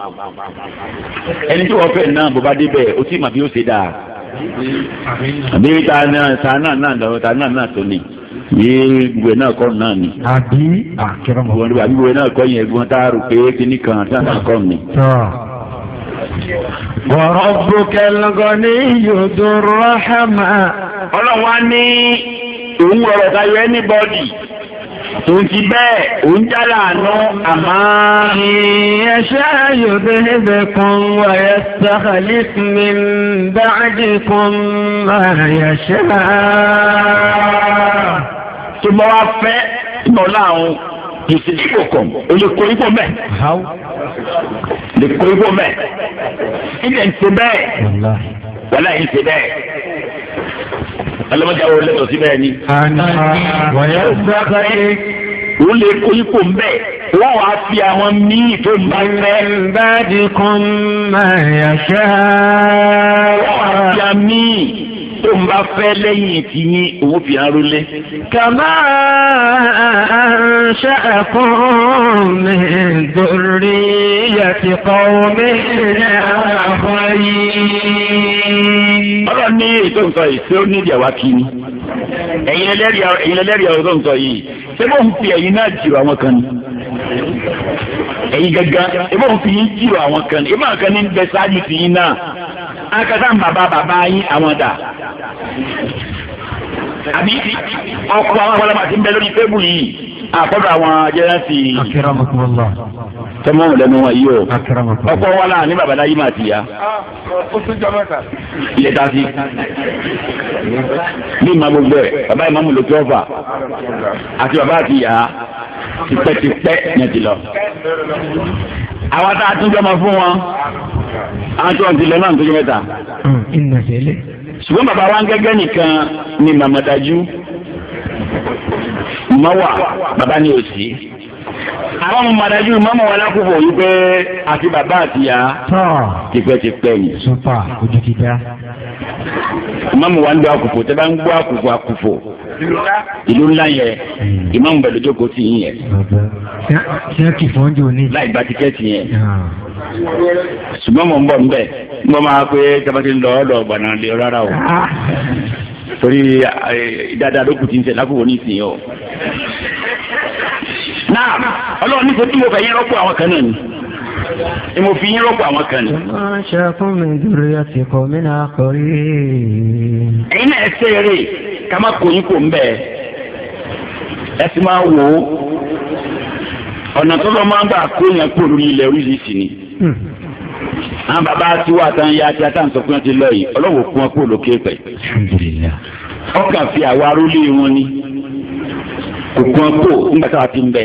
ẹni tí wọ́n fẹ́ náà bó bá dé bẹ́ẹ̀ ó sì mà bí da àbí ta náà ta náà náà lọ ta náà náà tó ni náà kọ́ náà ni. àbí náà kọ́ yẹn gbọ́n tá a rò pé kíní kan وربك الغني ذو الرحمة ọlọ́run wa ní òun ọ̀rọ̀ tayọ anybody òun ti bẹ́ẹ̀ òun jálà àánú àmọ́. ìyẹ́ṣẹ́ yòókè ẹ̀bẹ̀ kan wà yẹ sàkàlì mi bá àjẹ kan máa yẹ̀ṣẹ́. tó bá wá fẹ́ tọ̀ láàrún yòtìsíkò kàn o lè koríko mẹ lè koríko mẹ ilẹ̀ ń ṣe bẹ́ẹ̀ wàlá yìí ń ṣe bẹ́ẹ̀ alamadi awo lẹ́tọ̀ọ́ sí bẹ́ẹ̀ ni. wọ́yẹ sọ́kà yìí. o lè koríko mẹ wọ́n wá fi àwọn míì tó ń bá fẹ́. bá a di kún máa yà ṣáá. wọ́n wá fi àmì tó ń bá fẹ́ lẹ́yìn tí yín òun fi aró lé. kàmá ṣe ẹ̀kún mi dòrí yàtì kan mi àwọn yìí. ọ̀rọ̀ ní ètò nǹkan yìí tí ó ní ìdíyàwó akíní ẹ̀yin ẹlẹ́rìí àwọn tó ń sọ yìí ṣé bó ń fi ẹ̀yin náà jìrò àwọn kan ni ẹ̀yin gangan ṣé bó ń fi yín jìrò àwọn kan ni ìmọ̀ kan ní bẹ ṣáájú ti yín náà akẹ́kọ̀ọ́ bàbá bàbá yín àwọn dà àbí ọkọ̀ àwọn àgbàlagbà ti ń bẹ lórí tébù yìí àkọ́dọ̀ àwọn jẹ́rẹ́sì tọ́mọ̀ lẹ́nu wọn yìí o ọkọ̀ wọn là ní babalá yìí máa ti yá. ilé ta sí ní ìmọ̀ gbogbo ẹ̀ bàbá yìí máa mú lòtí ọ̀fà àti bàbá àti ìyá tipẹ́tipẹ́ yẹn ti lọ àwa tá a tún jọmọ fún wọn àwọn tí wọn ti lọ náà ń tójú mẹ́ta. Hmm, ṣùgbọ́n bàbá wa ń gẹ́gẹ́ nìkan ni màmàdájú mọ́wà bàbá ni òsì àwọn ọmọ màdájú mọ́mọ́ wa lákòókò yìí pé àti bàbá àti ìyá tipẹ́tipẹ́ ni. mọ́mọ́ wa ń lo àkùkù tẹ́ ń gbọ́ àkùkù àkùkù ìlú ńlá yẹn ìmáàmù bẹ̀rẹ̀ lójókòó tì yín yẹn. tíẹ́kì fọ́njú ni. láì gba tíkẹ́ẹ̀tì yẹn. Ah. ṣùgbọ́n mò ń bọ̀ nbẹ̀ ń bọ́ máa pé tabati ń lọ ọ̀dọ̀ ọ̀gbàna lè rárá o. Ah. torí eh, dáadáa ló kù ti ń sẹ̀ lákòwò ní ìsìn o. náà ọlọ́run ní sọ́tún mo fẹ́ yẹn rọ́pò àwọn kan náà ni ni mo fi yín rọ́pò àwọn kan ni. máa ṣàkóso mi dúró yá ti kọ́ mí náà kọ́rí. ẹ̀yin náà ẹ ṣe ká má kó yín kó ń bẹ̀ ẹ sì máa wò ó ọ̀nà tó lọ máa ń gbà kó yẹn kó lórí ilẹ̀ oríṣiríṣi ni. Hmm. àwọn bàbá tí wà tán ya tí a tán sọ pé wọ́n ti lọ yìí ọlọ́wọ́ kún wọn kó lókè pẹ̀. ọkàn fi àwa arólé wọn ni kò kún wọn kó nígbà tá a ti ń bẹ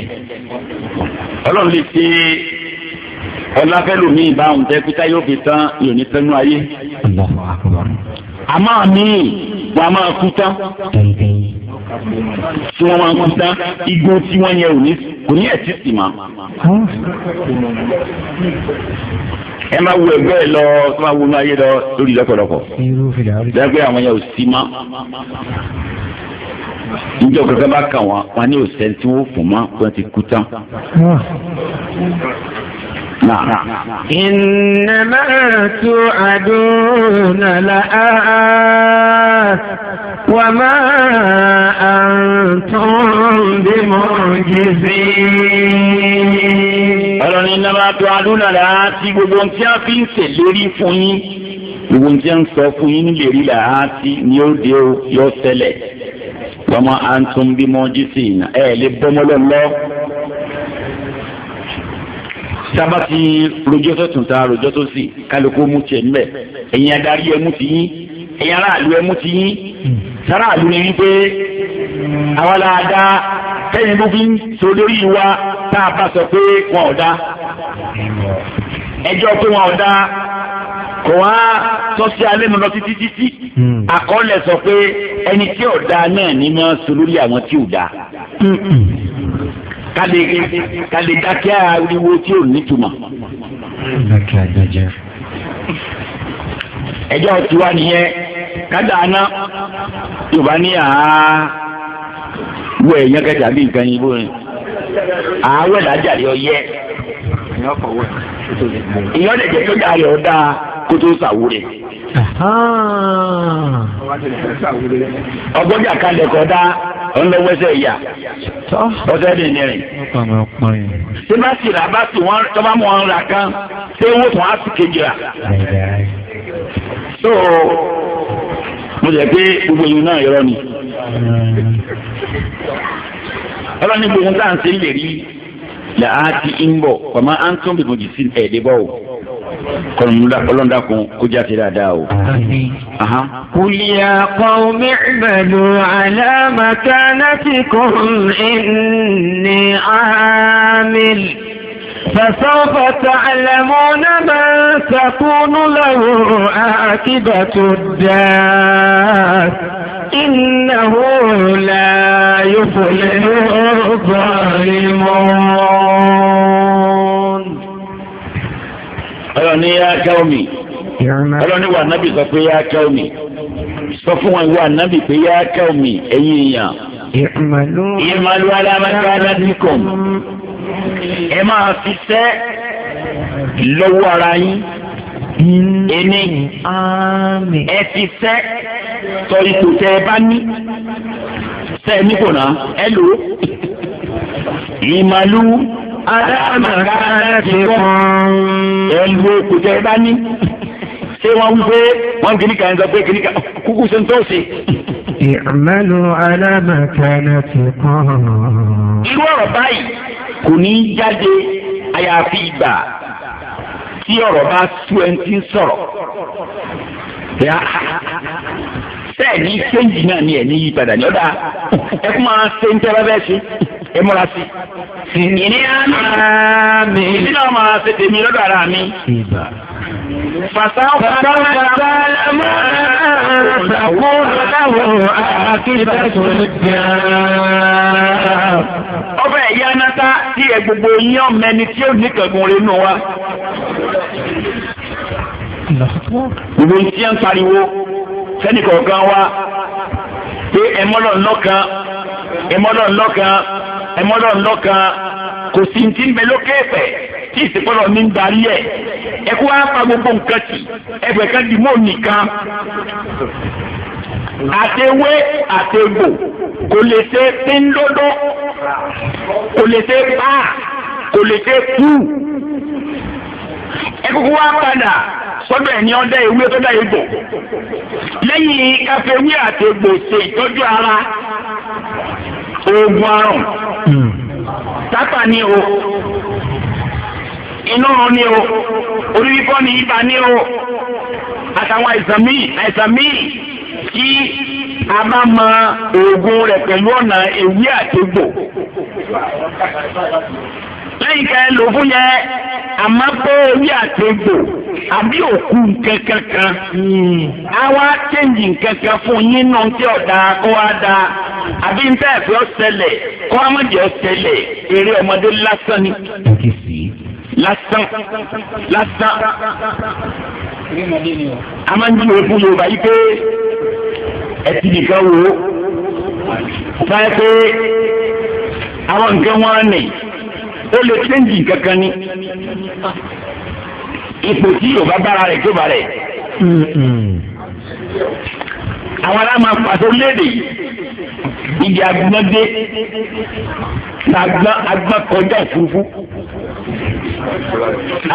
ọlọ́run lè ṣe é ọláfẹ́lú mi ìbá òun tẹ́ pété yóò fi tán yóò ní tẹnu ayé. àmọ́ mi wà máa kú tán tí wọ́n máa ń kúta igbó tí wọ́n yẹ òní kò ní ẹ̀tí sì máa. ẹ máa wo ẹgbẹ́ ẹ lọ tó máa wo inú ayé lọ lórí lọ́pọ̀lọpọ̀ lẹ́gbẹ́ àwọn yẹn ò sí mọ́. níjọ́ kankan bá kà wọ́n wọn ní òsèǹtì wọ́n fò mọ́ wọ́n ti kú tán. Ah. إنما توعدون لآت وما أنتم بمعجزين ọlọ́run iná máa tó adúlọ là á ti gbogbo ohun tí a fi ń ṣèlérí fún yín gbogbo ohun tí a ń sọ fún yín nílérí là á ti ní ó dé o yóò ṣẹlẹ̀ wọ́n máa ń tún bímọ jísìn ẹ̀ lè bọ́mọ́lọ́ lọ. Sabati ti rojọ́ sọ̀tún ta rojọ́ tó sì kálukú mú tiẹ̀ mbẹ́ ẹ̀yin adarí ẹ̀ mú ti yín ẹ̀yin aráàlú ẹ̀ mú ti yín sára àlú ni wípé àwa la dá tẹ́yìn ló fi ń so lórí wa tá a bá sọ pé wọn ò dá ẹjọ́ pé wọn ò dá kò wá tọ́ alẹ́ mi títí títí hmm. àkọọ́lẹ̀ sọ pé ẹni tí ò dá náà ní máa so lórí àwọn tí ò dá. Hmm, hmm kàdé kàdé dákẹ́ ariwo tí ò nítumọ̀. dákẹ́ àjẹjẹ. ẹjọ́ tiwa nìyẹn kádà aná yorùbá ní àá wọ ẹ̀yán kẹta bí nǹkan yìí bóyá àáwọ̀ ìdájà rẹ̀ ọyẹ. ìyọ́n dẹ̀ jẹ́ tó dáa rẹ̀ ọ̀dà kótó ọgbọ́njà kalẹ̀ kọ́dá ọlọ́wọ́sẹ̀ ìyá ọ̀sẹ̀ nìyẹn. tí bá sì rà bá sì wọ́n tó bá mú wọn rà kan tí owó tó wá sí kejì rà. so mo jẹ pé gbogbo ìlú náà yọrọ ni. ọlọ́ni gbogbo táà ń ṣe lè rí làá ti ń bọ̀ kọ̀mọ́ à ń tún bìbò jì sí ẹ̀ẹ́dẹ́gbọ̀ kọlọ́ndà kun kó jáde dáadáa o. kùlìyà qawmi i'malu ala makanatikum inni amil. فسوف تعلمون من تكون له عاقبة الدار إنه لا يفلح الظالمون ọlọ́ni yá káwọ́mì ọlọ́ni wà nábì sọ pé yá káwọ́mì sọ fún wọn wà nábì pé yá káwọ́mì ẹ̀yin èèyàn. ìmàlú alámàkà ládìkọ̀m ẹ máa fi sẹ́ lọ́wọ́ ara yín ẹni ẹ fi sẹ́ sọ ipò tẹ ẹ bá ní sẹ́ ẹ nípò náà ẹ lò ìmàlú. adáàmàkàrà ti kàn ẹlú kùtẹ́ ẹ bá ní. ṣé wọ́n wí pé wọ́n kìíní kan sọ pé kìíní kan kúkú ṣe ń tó ṣe. ìmọ̀lù alámàkàrà irú ọ̀rọ̀ báyìí kò ní jáde àyàfi ìgbà tí ọ̀rọ̀ bá sú ẹni tí ń sọ̀rọ̀ sẹ́ẹ̀ ní sẹ́ǹjì náà ni ẹ̀ ní yípadà ní ọ̀dà ẹ kó máa ṣe ń tẹ́ bá bẹ́ẹ̀ ṣe ẹ múra sí. ìní àmì ìdí náà máa ṣe tèmi lọ́dọ̀ ara mi. Fasawo sálámà ṣàkóso láwọn akíndàtò jà. Ọbẹ̀ ìyá Anata tí ẹ gbogbo yín ọ̀mẹ́ni tí ó ní kẹ̀gùn rẹ̀ nù wa. Gbogbo ìtí ẹ̀ ń pariwo sẹ́ni kọ̀ọ̀kan wa pé ẹ̀mọ́lọ̀ ńlọ́kan ẹ̀mọ́lọ̀ ńlọ́kan ẹ̀mọ́lọ̀ ńlọ́kan kò sí ti ń bẹ lókè pẹ̀ tí ìsìnkọ́lọ̀ ní ń darí ẹ̀ ẹ kó wá pa gbogbo nǹkan tì ẹgbẹ́ kan dì mọ́ nìkan àtẹwé àtẹgbò kò lè ṣe píndódó kò lè ṣe pa kò lè ṣe kú ẹ kókó wá padà. sọ́dọ̀ ẹ̀ ní ọdẹ ewé tó egbò lẹ́yìn káfíwé àti egbò ṣe ìtọ́jú ara oògùn àrùn hmm. tápà ni o iná rán ni o orí ni ibà ni o àtàwọn kí a bá mọ oògùn rẹ̀ pẹ̀lú ọ̀nà àti egbò. eléyìí ká ẹ lò fún yẹn àmọ́ pé orí àtẹ̀gbò àbí òkú nǹkankan kan á hmm. wá chẹ́ǹjì nǹkankan fún yín náà tí ọ̀dà kó wá da àbí ń tẹ́ ẹ̀fẹ́ ọ̀sẹ̀lẹ̀ kó amájẹ ọ̀sẹ̀lẹ̀ eré ọmọdé lásán ni. lásán lásán a máa ń jí òfin Yorùbá yìí pé ẹ ti nìkan wò ó báyìí pé àwọn nǹkan wọn nì ó lè tẹ́ǹjì kankan ni ipò tí yorùbá bára rẹ̀ tó bá rẹ̀. àwọn ará máa pàṣẹ léde ìdí agbọ́ndé n'agbọ́n agbọ́n kọjá òfurufú.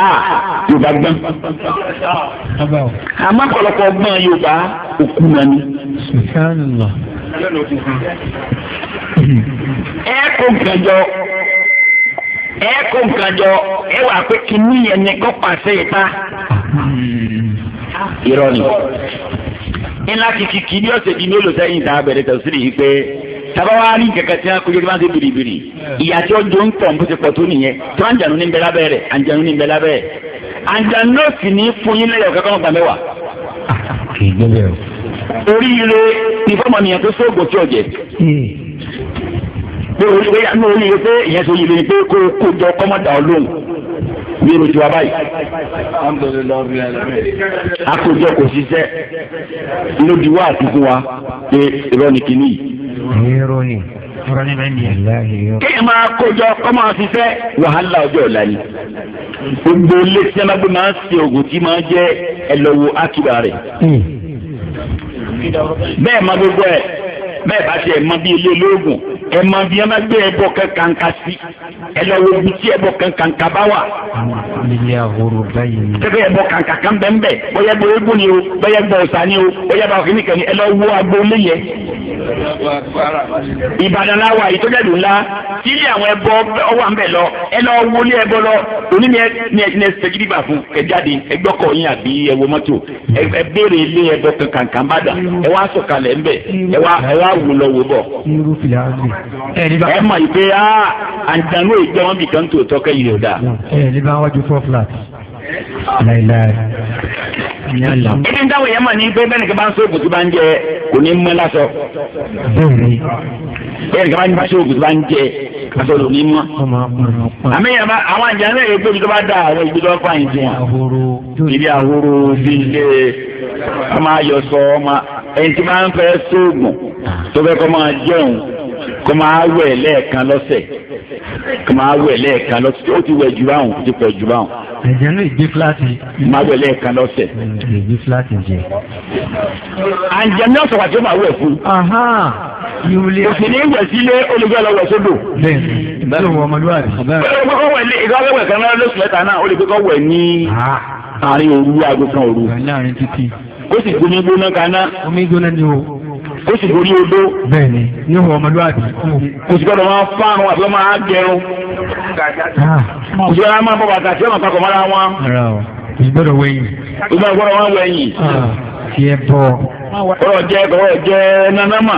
Ah, yorùbá gbọ́n. àmọ́ ọ̀pọ̀lọpọ̀ gbọ́n yorùbá òkú nani. ẹ kò gbẹjọ ẹ kó nǹkan jọ ẹ wà pé kínní yẹn ni kó pàṣẹ ìta. irọ́ ni ńlá kìkì kì ọ̀sẹ̀ bíi mélòó sẹ́yìn tá a bẹ̀rẹ̀ tẹ̀ sí i pé tabawa ní kẹ̀kẹ́ tí wọ́n kojú ní wọ́n ti biribiri ìyá tí ó jó ń tọ̀ bó ti pọ̀ tó nìyẹn tí wọ́n ń jànú ní bẹ́lá bẹ́ẹ̀ rẹ̀ à ń jànú ní bẹ́lá bẹ́ẹ̀ à ń jànú náà sì ní fún yín lẹ́yọ̀ kankan gbà mẹ́wàá. oríire ìfọ̀mọ̀nìyàn tó sóògùn tí ò jẹ. Hmm pé orí pé yánú orí yẹ pé ìyẹn sọ yìí lè pé kó kó jọ kọ́mọ́dà ọlọ́run bí irú tiwa báyìí. akójọ kò ṣiṣẹ́ ló di wá àtúkú wa pé irọ́ ni kìíní yìí. irọ́ ni irọ́ ni bẹ́ẹ̀ ni. kí ẹ máa kójọ kọ́mọ́ ṣiṣẹ́ wàhálà ọjọ́ ọ̀la ni. gbogbo ilé tí ẹ máa gbé máa ń ṣe oògùn tí máa ń jẹ́ ẹlọ́wọ́ àkìlà rẹ̀. Hmm. bẹ́ẹ̀ máa gbogbo ẹ̀ bẹ́ẹ̀ bá tiẹ̀ mọ bí ilé lóògùn ẹ mọ bí ẹ má gbé ẹbọ kankan ká sí ẹ lọ wo ibi tí ẹbọ kankan ká bá wà. tẹ́tẹ́ ẹbọ kankan kan bẹ́ẹ̀ bẹ́ẹ̀ bóyá bọ egbò ni o bóyá bọ ọ̀sà ni o bóyá bọ kìnnìkan ni ẹ lọ wo agbo ilé yẹn. Ìbàdàn la wà ìtọ́jáde ńlá tí ilé àwọn ẹbọ ọwà ń lọ ẹ lọ wo ilé ẹbọ lọ òní ni ẹ wù lọ wò bọ̀. irú fìlà ọ̀gbìn. ẹ mọ̀ ìpè á ah, àǹtànú ìjọ wọn bìkan tó o yìí ò dáa. ẹ ní bá wájú four flat. láìláì. ibi ń dáwọ̀ yẹn mọ̀ ní pé bẹ́ẹ̀ni kí bá ń sọ ògùn tí bá ń jẹ kò ní mọ́ lásọ. bẹ́ẹ̀ni. bẹ́ẹ̀ni kí bá ń bá sọ ògùn tí bá ń jẹ lásọ ló ní mọ́. àmì yẹn bá àwọn àjànú èyí gbé tó bá dá àwọn ìgbé tó bá fàyìn sí wọn. ibi àhoro sí ilé ọmọ ayọ̀sọ ọmọ ẹni tí máa ń fẹ́ sóògùn tó fẹ́ kọ́ máa jẹun kọ́ máa wẹ̀ lẹ́ẹ̀kan lọ́sẹ̀ kọ́ máa wẹ̀ lẹ́ẹ̀kan lọ́sẹ̀ ó ti wẹ̀ jù báwọn ó ti pẹ̀ jù báwọn. ẹ̀jẹ̀ náà ìdí fúláàtì. máa wẹ̀ lẹ́ẹ̀kan lọ́sẹ̀. ìdí fúláàtì jẹ. àǹjẹ̀ náà sọ̀rọ̀ àti ó máa wẹ̀ fún. òsì ní ìwẹ̀ sílé olùgbé ọlọ́wọ̀ sódò. bẹ́ẹ̀ni ìbálò wọ ọmọlúwàbí. ìgbàlẹ́wẹ̀ kan náà lóṣù mẹ́ta náà ó lè kọ́kọ́ wẹ̀ ní àárín òru aago kan òru. kó sì gorí odó. bẹ́ẹ̀ni yóò wọ ọmọlúwàbí. kò sì gbọ́dọ̀ máa fáwọn àti máa gẹrun. Ah. kò sì gbọ́dọ̀ máa bọ bàtà tí wọ́n máa mọ́ra wọn. kò sì gbọ́dọ̀ wẹ̀yìn. kò sì gbọ́dọ̀ wọn wẹ̀yìn. bọ. nanama.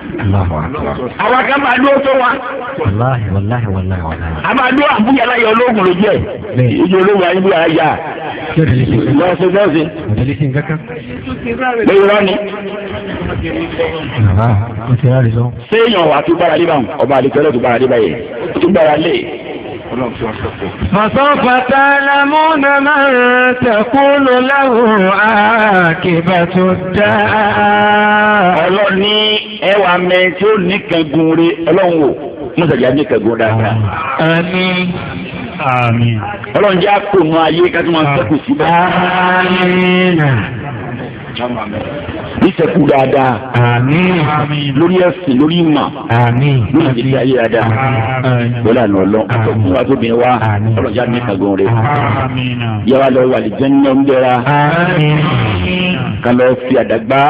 àwọn kan máa dúró tó wa. a máa dúró àbúyá láyé ológun lójú ẹ̀ ìjọ ológun ayé bí ayá. lọ́sẹ̀ lọ́sẹ̀. lórí rọ́ọ̀nì. séèyàn wà tó gbára lé báwọn ọba àdìgbẹ́lẹ́ tó gbára lé báyìí tó gbára lé ọlọ́run tí wọ́n sọ̀kọ̀. Fàṣọ́fà tá a la mú na máa ń tẹ̀kúlù láwùrán àkèbà tó dá. Ọlọ́run ní ẹwà mẹ́rin tí ó ní kẹ́gun re ọlọ́run wò mọ́sàjà ní kẹ́gun dáadáa. Àmín níṣẹ́kù dáadáa lórí ẹ̀sìn lórí ìmọ̀ lórí ìdílé ayé dáadáa lọ́la ní ọlọ́ àtọkùn àtọbìnrin wa ọlọ́jà ní ìtàgùn rẹ̀ yàrá lọ́wọ́ àlìjẹ́ ní ọ̀ndẹ́ra kálọ̀ fi àdàgbà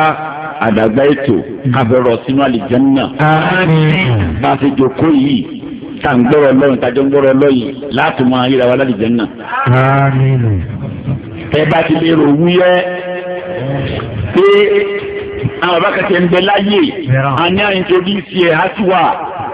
àdàgbà ètò kábẹ́rọ̀ sínú àlìjánná. bá a ṣe jòkó yìí tá à ń gbọ́rọ̀ lọ́yìn tá a jọ ń gbọ́rọ̀ lọ́yìn láti máa yíra wa lálìjánná. tẹ́ bá ti lè rò wúyẹ́ pé àwọn bàbá kẹsẹ̀ ń bẹ láyè àní à ń torí sí ẹ̀ á sì wà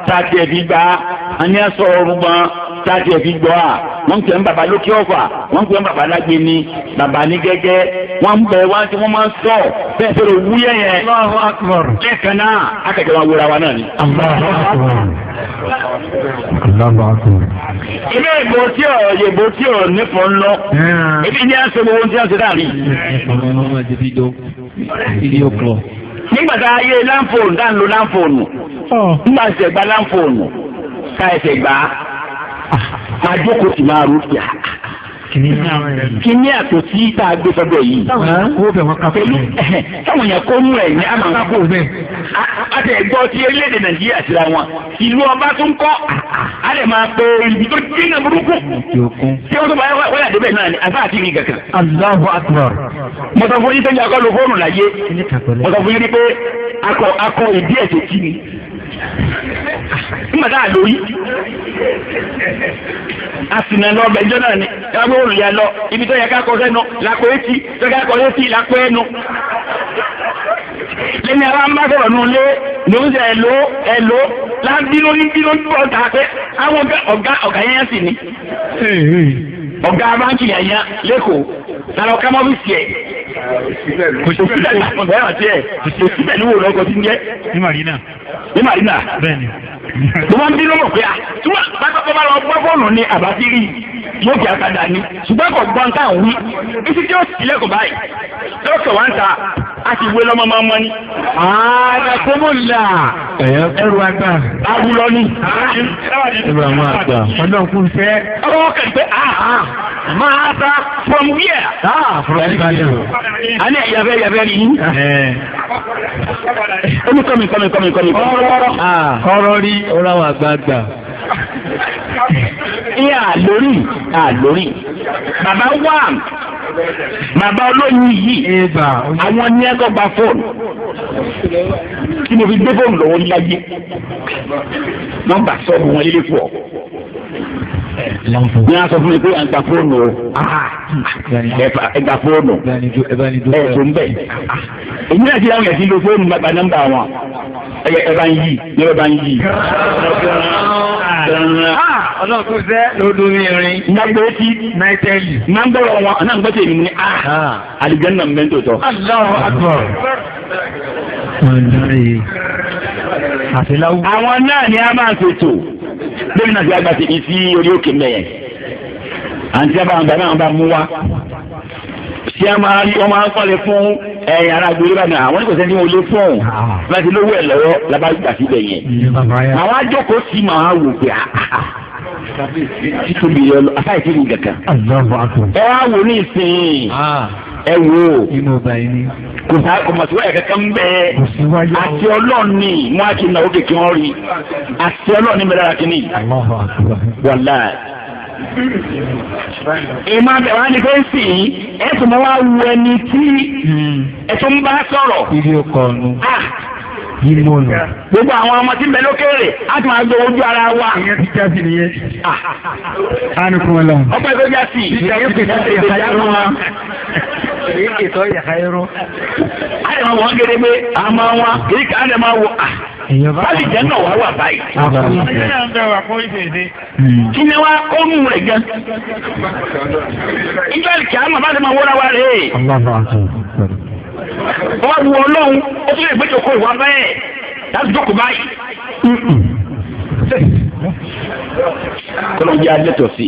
tá a tiẹ̀ fi gbà á àní à sọ̀rọ̀ gbọ́n táàtì ẹ̀ fi gbọ́ à wọ́n ń pè ń bàbá lókè ọ̀fà wọ́n ń pè ń bàbá lágbe ni bàbá ní gẹ́gẹ́ wọ́n ń bẹ̀ wá tí wọ́n máa ń sọ bẹ́ẹ̀ sọ̀rọ̀ wúyẹ̀ yẹn lẹ́ẹ̀kan náà akẹ́kẹ́ wa wúra wa náà ni. ilé ìbò tí ò yèbò tí ò nífọ̀ ń lọ ebi ní àṣẹ gbogbo ohun tí wọ́n ti dà rí. nígbà tá a yé láǹfóònù dáńlò láǹfóònù oh. nígbà tí ẹ̀ gbá láǹfóònù ká ẹsẹ̀ máa jókòó sí máa rú bíà kìnìún àtòsí tá a gbé sọ́dọ̀ yìí. pẹ̀lú táwọn èèyàn kó mú ẹ̀ ní àmà wọn kó bẹ́ẹ̀. a tẹ̀ gbọ́ ti orílẹ̀-èdè nàìjíríà síra wọn ìlú ọba tó ń kọ́ a lè máa pe ibi tó dínà burúkú. tí wọ́n tó bá wọ́n yà débẹ̀ náà ni àbá àti ìrìn kankan. Allahu Akbar. mo sọ fún yín sẹ́yìn akọ́lù fóònù láyé mo sọ fún yín pé akọ ìdí ẹ̀ tó kí ni nígbà tá a lórí àsìnà lọ ọbẹ̀ ìjọ náà ni káwé olùyà lọ ibi tó yẹ ká kọ sẹ́nu làpò etí tó yẹ ká kọ létí làpò ẹnu lẹ́ni ara ń bá sọ̀rọ̀ nù lé lóúnjẹ ẹ̀ló ẹ̀ló láńbínú ní bínú bọ̀ ọ̀gá pé àwọn ọ̀gá ọ̀gá yẹn sì ni ọ̀gá báńkì yàyà lẹ́kọ̀ọ́ lára ọ̀ká mọ́ fífi ẹ̀ kò sí sílẹ̀ ní ọ̀gá ẹ̀rọ tiẹ̀ kò sí sílẹ̀ ní wòlò ọkọ̀ tí ń jẹ́. ní marina. ní marina. bẹ́ẹ̀ni. mo máa ń bínú mọ̀ pé a tí wọ́n bá tọ́ bá lọ gbọ́ bọ́ọ̀lù ní àbátírì yóò jẹ́ àkàdá ni ṣùgbọ́n kò gbọ́n tá à ń wí títí tí ó tilẹ̀kùn báyìí lọ́sọ̀ wá ń ta a ti wé lọ́mọ máa ń mọ́ni. ààrẹ kọ́mọ̀lá ẹ̀rù àgbà. awulọ ni. ibrahima àgbà ọdún kún fẹ́. ọwọ́ kàn pé ah, ah, máa ta from where. Ah, from Ìbàdàn. a ní ẹ̀yàfẹ́ ẹ̀yàfẹ́ rí i. kọ́mi kọ́mi kọ́mi kọ́mi. kọ́rọ́ rí. ó ra wà gbàgbà ìyá àlórí àlórí bàbá wà bàbá olóyin yìí àwọn ní ẹgbẹ́ gba fóònù tí mo fi gbé fóònù lọ́wọ́ láyé wọ́n bá sọ́ọ̀bù wọn lé pọ̀ ní a sọ fún mi pé à ń gba fóònù o ah, ẹ gba fóònù ẹ tó ń bẹ èmi náà ti láwọn yẹn ti lo fóònù gba nọ́mbà wọn ẹ bá ń yí ẹ bá ń yí. Ah, ọlọ́run tó fẹ́ ló dún ní irin. nàgbẹ́ ti náítẹ́lì. nàgbẹ́ wọn náà ń gbọ́ tèmi ní a ah, àlùjànnà mẹ́tò tọ́. Allahu Akbar àwọn náà ni a máa ṣètò bẹ́ẹ̀ náà ti àgbà ti fi sí orí òkè mẹ́yẹn àǹtí àbáwọn bàbá àwọn bá mú wa tí a máa rí wọn máa ń kọ́lé fún ẹ̀yìn ara gbèrè bá náà àwọn oníkòsẹ́ ní wọn lé fún un láti lówó ẹ̀ lọ́wọ́ lábá gbà síbẹ̀ yẹn. àwọn ajókòó sí màá wò pé ah, ah, ah. títóbi yẹn lọ afáyé tí mi gàkan. ẹ wá wò ní ìsìn ẹ wò. inú ọba yìí ni kò sá kò mọ̀ sí wáyà kankan bẹ́ẹ̀ àti ọlọ́ọ̀ni wọn á ti nà ó kékeré wọn rí àti ọlọ́ọ̀ni bẹ́ẹ̀ dára kínní wàlá ìmọ̀ abẹ wa ni fẹ́ẹ́ sì yín ẹ tún mọ́ wá wu ẹni tí hmm. ẹ bá sọ̀rọ̀. gbogbo àwọn ọmọ tí ń bẹ lókèrè á ti máa wa. ìyẹn ti já sí nìyẹn. Ah. ánú kún lọ. ọgbà ìgbẹ́ já sí. ìyẹn ti já sí ìyá wa. èyí a lè máa wọ́n gẹ́gẹ́ a máa lè máa wọ ah. báyìí jẹ́ náà wá wà báyìí. Hmm. kí ni wá ó mú rẹ̀ gan. ìjọ ìkẹ́ wọ́n lu ọlọ́run ó tún lè gbé jòkó ìwà bẹ́ẹ̀ láti jókòó báyìí. Kọ́lọ́ jẹ́ adẹ́tọ̀ sí.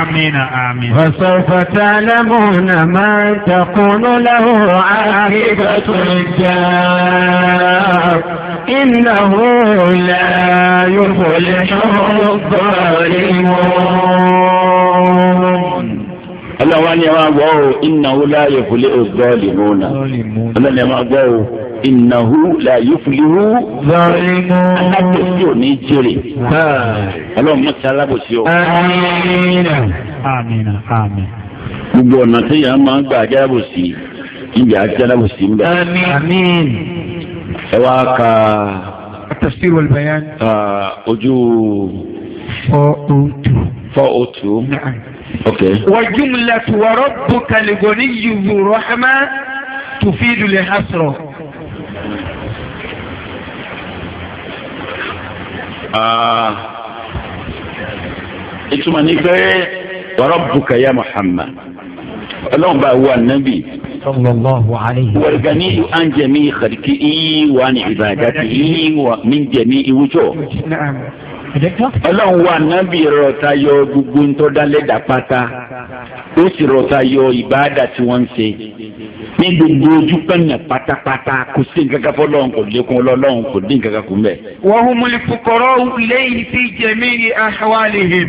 Amina amina. Fasọ̀fọ̀ tá a lábọ̀ náà máa ń takùnú láwọ̀ àríkà tó jà. إنه لا يفلح الظالمون ọlọ́wọ́ ni ẹ máa gbọ́ o innahu la yuflihu zalimuna ọlọ́wọ́ ni ẹ máa gbọ́ o innahu la yuflihu zalimuna alábòsí ò ní jèrè ọlọ́wọ́ mọ̀ sí alábòsí o. àmín àmín. gbogbo ọ̀nà tí yàrá máa ń gbà ajálábòsí ìjà ajálábòsí ń bẹ. ẹ wá ka. Ah, ojú. four oh two. four oh two wàjúmùlẹ̀ tùwọ̀rọ̀ bùkàlìgò ní yùrù rọ́hámà tùfídùlẹ̀ hasrọ̀. ìtumọ̀ ní pé wàrọ̀ bùkàyà Muhammad ọlọ́run bá wà nábì. an jẹ̀mí xariki iye wa ni ìbàdàtì iye wa min jẹ̀mí iwújọ ọlọ́run wa nábì rọ̀ta yọ gbogbo ń tọ́da lẹ́dà pátá ó sì rọ̀ta yọ ìbáàdà tí wọ́n ń ṣe ní gbogbo ojú pẹ̀lú pátápátá kò sí nǹkankan fọ́ lọ́run kò lékun ọlọ́run kò dín nǹkankan kù mẹ́. wọ́n mú mi fukọ̀rọ̀ lẹ́yìn tí jẹ̀mí ahwalihim.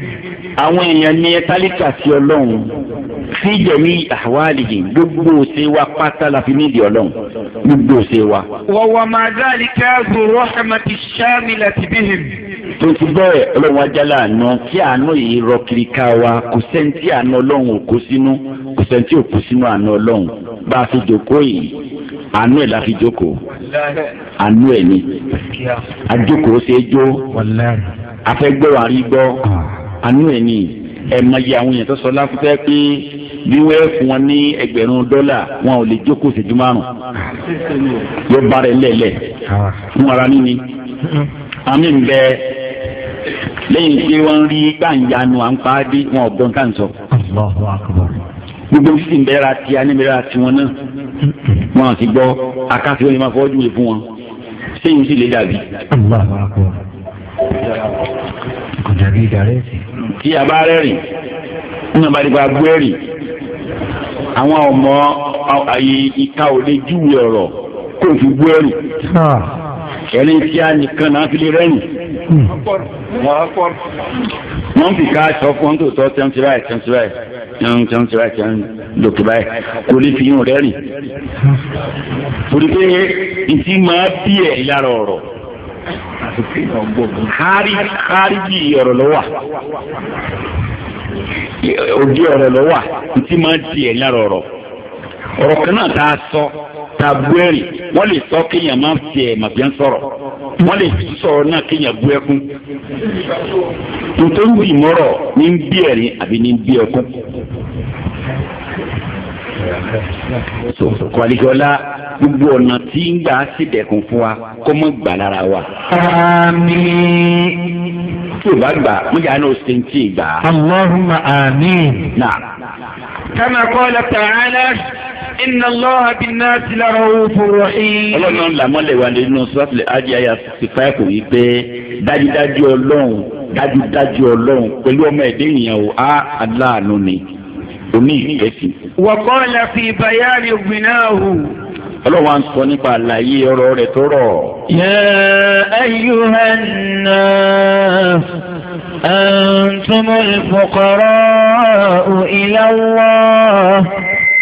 àwọn èèyàn ní ẹ tálíkà sí ọlọ́run sí jẹ̀mí ahwalihim gbogbo òṣè wa pátá la fi nídìí ọlọ́run gbogbo òṣè wa. wọ́n tó ti bẹ́ẹ̀ ọlọ́run ajálà àná tí àánú yìí rọ kiri ká wa kò sẹ́ńtì àánú ọlọ́run òkú sínú kò sẹ́ńtì òkú sínú àánú ọlọ́run bá a fi jókòó yìí àánú ẹ̀ la fi jókòó àánú ẹ̀ ni àjókòó ṣe é jó afẹ́gbẹ́wọ̀n àrígbọ́ àánú ẹ̀ ni ẹ̀ mọ iye àwọn èèyàn tó sọ láfúfẹ́ pé bí wọ́n fún wọn ní ẹgbẹ̀rún dọ́là wọn ò lè jókòó ṣèjú márùn yóò bá rẹ̀ lẹ̀lẹ̀ fún ara níní àmì ń bẹ́ẹ̀ lẹ́yìn pé wọ́n rí gbàǹyanu àǹpáàdé wọn ò gbọ́n káǹsọ. gbogbo sísìn bẹ́ẹ̀ra ti aníbẹ̀rẹ̀ tiwọn náà wọn àti gbọ́ akáfi wọn ni máa fọ́jú rẹ̀ fún wọn sẹ́yìn sì lè dàbí. tí a bá rẹ́rìn ní wọn bá dé bá gbé ẹ̀rìn àwọn ọmọ ìka ò lè júwe ọ̀rọ̀ kó o fi gbé ẹ̀rín tí a nìkan náà fi lè rẹ́yìn. wọ́n fi ká aṣọ fún tó tọ́ tẹ́ǹtì báyìí tẹ́ǹtì báyìí tẹ́ǹtì tẹ́ǹtì báyìí tẹ́ǹtì lòkè báyìí kò lè fi yún rẹ́rìn. torí pé ntí máa bí ẹ̀ lára ọ̀rọ̀ kárìjì ọ̀rọ̀ ló wà òdi ọ̀rọ̀ ló wà ntí máa di ẹ̀ lára ọ̀rọ̀ ọ̀rọ̀ kan náà tá a sọ. So tabuẹ́rì wọ́n lè sọ kéèyàn máa fi ẹ̀ màbí ń sọ̀rọ̀ wọ́n lè sọ̀rọ̀ náà kéèyàn bu ẹkún nítorí ìmọ̀rọ̀ ní ń bí ẹ̀rín àbí ní ń bí ẹkún. kwalikọ́lá gbogbo ọ̀nà tí ń gbà sídẹ̀kùn fún wa kó mọ̀ gbà lára wa. àmín. tí o bá gbà mo jà ní o ṣe ń tí ì gbà. Allahumma àmín. na. kama qala ta'ala inna Allaha bin-nasi la-ra'ufun rahim. ọlọ́run làmọ́lẹ̀ wà nínú sọ́ọ̀tì àjẹ́ àyà sixty five kò wí pé dájúdájú ọlọ́run dájúdájú ọlọ́run pẹ̀lú ọmọ ẹ̀dẹ́ ìyẹn o á aláàánú ni omi ìrẹsì. wa qala fi bayani ghinahu ọlọ́run wa ń sọ nípa àlàyé ọ̀rọ̀ rẹ̀ tó rọ̀. yā ayyuhan nās antumul fuqarā'u ilā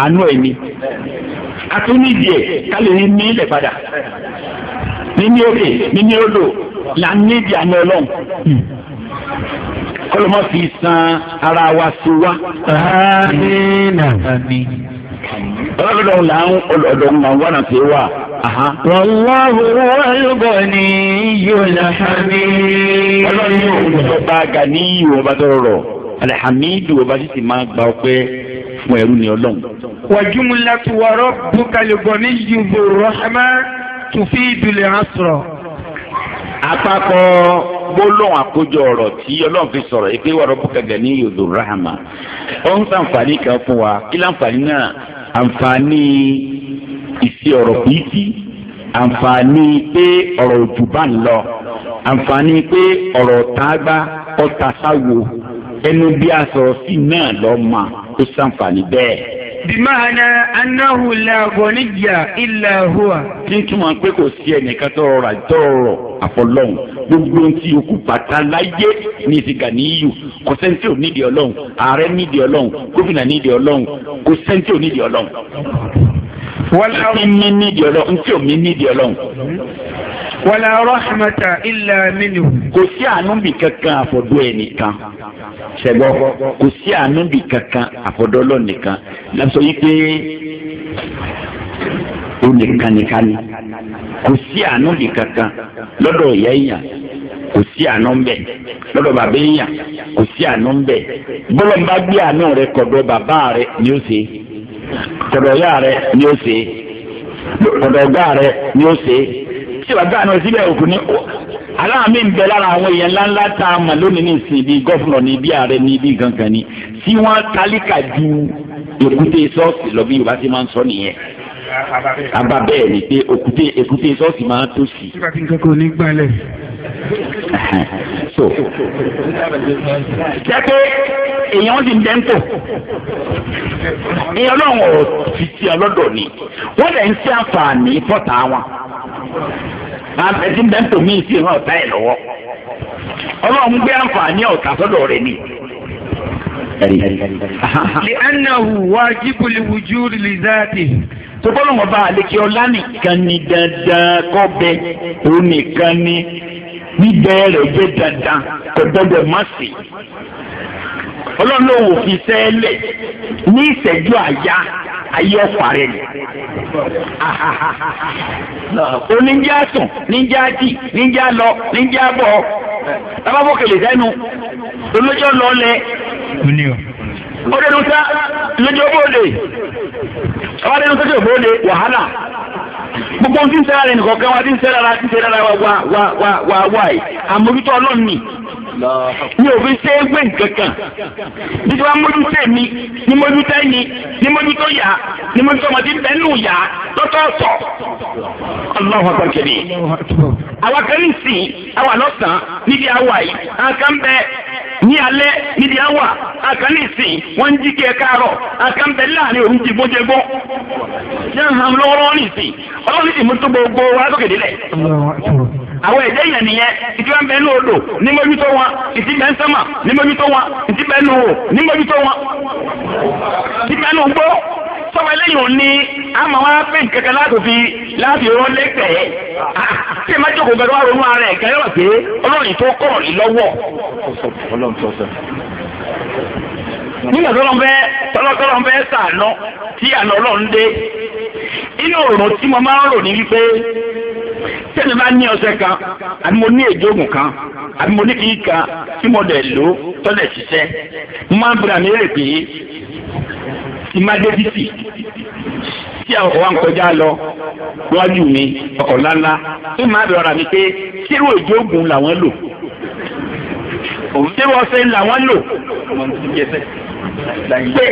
àánú ẹ̀ ni ẹ̀ ká lè ní ilẹ̀ padà níní òkè ní odò là ń nídìí àná ọlọ́run kọlọmọ fi san ara wa sí wa. ọlọ́dọ̀ la ń ọ̀dọ̀ ń wọn wọnà sí wa. ni yóò ọlọ́run yóò bá a ga ní ìwọ̀n bá alihamidu máa gba ọpẹ́. fún ẹrú ni ọlọ́run. wàjúmùlá tu wọ̀rọ̀ bùkàlùbọ̀ ní yubu rọ́hámà tùfí ìdúlẹ̀ àṣọ. àpapọ̀ gbólóhùn àkójọ ọ̀rọ̀ tí ọlọ́run fi sọ̀rọ̀ èké wọ̀rọ̀ bùkàlùbọ̀ ní yubu rọ́hámà. ó ń sàǹfààní kan fún wa kí láǹfààní náà àǹfààní ìsì ọ̀rọ̀ pìtì àǹfààní pé ọ̀rọ̀ òjò ń lọ àǹfààní pé ọ̀rọ̀ ọ̀tá gbá ọ̀tá ẹnu bí a sọ̀rọ̀ sí náà lọ́ ma tó sàǹfààní bẹ́ẹ̀. bimana anahu lagoniya illa huwa. kí n túmọ̀ pé kò sí ẹnìkan tọrọ rà tọrọ àfọlọ́hún gbogbo ti okú bàtà láyé ní ìsìnkà níyù kò sẹ́ńtì ò nídìí ọlọ́hún ààrẹ nídìí ọlọ́hún gómìnà nídìí ọlọ́hún kò sẹ́ńtì ò nídìí ọlọ́hún. wọ́n ní ní nídìí ọlọ́hún ntí ò nídìí ọlọ́hún wàlà rọ́ṣmẹ́tà ilẹ̀ mínú. kò sí ànúbì kankan àfọ̀dọ́ ẹ̀ nìkan ṣẹgbọ́ kò sí ànúbì kankan àfọ̀dọ́ ọlọ́ nìkan lọ́sọ yìí pé ó nìkan nìkan ni kò sí ànúbì kankan lọ́dọ̀ ìyá èèyàn kò sí àánú mbẹ lọ́dọ̀ bàbá èèyàn kò sí àánú mbẹ bọlọ bá gbé àánú rẹ kọ́dọ̀ bàbá rẹ ni ó ṣe kọ́dọ̀ ìyá rẹ ni ó ṣe kọ́dọ̀ ọgá rẹ ni ó ṣe tí bàbá àná síbẹ̀ òkú ni aláàmì ń bẹ lára àwọn èèyàn ńláńlá tá a mọ̀ lónìí ní ìsìn bíi gọ́fúnọ̀ ní bíi ààrẹ ní bíi gangan ni tí wọ́n tálíkà ju èkúté sọ́ọ̀sì lọ bí yorùbá ti máa ń sọ nìyẹn ababẹ́ẹ̀ ni pé èkúté sọ́ọ̀sì máa ń tó sí. so jẹ́ pé èèyàn ti ń dẹ́ńtò èèyàn náà wọ̀ fi ti ọlọ́dọ̀ ni wọ́n lè ń ṣe àǹfààní fọ́tà wọn àǹfẹ̀tì ń dẹ́ńtò míì sí ìran ọ̀tá ẹ̀ lọ́wọ́ ọlọ́run gbé àǹfààní ọ̀tá sọ́dọ̀ rẹ̀ ni. لأنه واجب الوجود لذاته tọ́gbọ́n lọ́wọ́ bá àlekí ọlá nìkan ni dandan كني bíbẹ́ rẹ̀ jẹ́ dandan kò gbọ́dọ̀ má sí ọlọ́run ló wò fi sẹ́lẹ̀ ní ìṣẹ́jú àyá ayé ọ̀pá rẹ̀ ni. oníjà sùn níjà dì níjà lọ níjà bọ̀ tábàbọ̀ kèlè sẹ́nu olójó lọ lẹ ọdún ta lójú bóde ọba lẹnu sọjọ bóde wàhálà gbogbo ohun tí ń sẹ́ra rẹ̀ nìkan kan wá tí ń sẹ́ra rà tí ń sẹ́ra rà wá wá wá wá wá wá yìí àmójútó ọlọ́run ni mi ò fi ṣe é gbé nǹkan kan bí tí wọ́n mójútó èmi ní mójútó ẹni ní mójútó yá ní mójútó ọmọdé bẹ́ẹ̀nù yá lọ́tọ̀ọ̀tọ̀ Allahu Akbar kẹ́ni. àwa kan ń sìn àwa lọ́sàn-án níbi àwa yìí àkànbẹ́ ní alẹ́ níbi àwà àkànní wọ́n ń jí káàárọ̀ àkànbẹ láàrin òun jìbọn yẹn hàn lọ́wọ́lọ́wọ́ ní ìsìn ọlọ́run mú tó gbogbo wa lókè délẹ̀. àwọn ẹ̀jẹ̀ yẹn nìyẹn ìdí wọn bẹ ní odò ní mójútó wọn bẹ ń ní wọn bẹ ń ní wọn bẹ ń sọ́wọ́ eléyìí ò ní àmọ́ wá pé nkankan láti fi láti rán lẹ́tẹ̀ ṣé má jókòó bẹ̀rẹ̀ pé ọlọ́run tó kọ̀ ní lọ́wọ́. nígbà tọ́lọ́ fẹ́ tí àná ọlọ́run dé inú òòrùn tí mo máa ń rò ní wípé tẹ́lẹ̀ bá ní ọ̀sẹ̀ kan àbí mo ní kan àbí mo ní tí mo dẹ̀ lò tọ́lẹ̀ ṣiṣẹ́ mo máa ń bẹ̀rẹ̀ àmì pé ìmádébítì tí àwọn ọkọ̀ wa ń kọjá lọ wájú mi ọkọ̀ ńláńlá tó máa bẹ̀rẹ̀ ọ̀rà mi pé ṣérò ìjọ ògùn làwọn lò ṣérò ọ̀sẹ̀ làwọn lò pé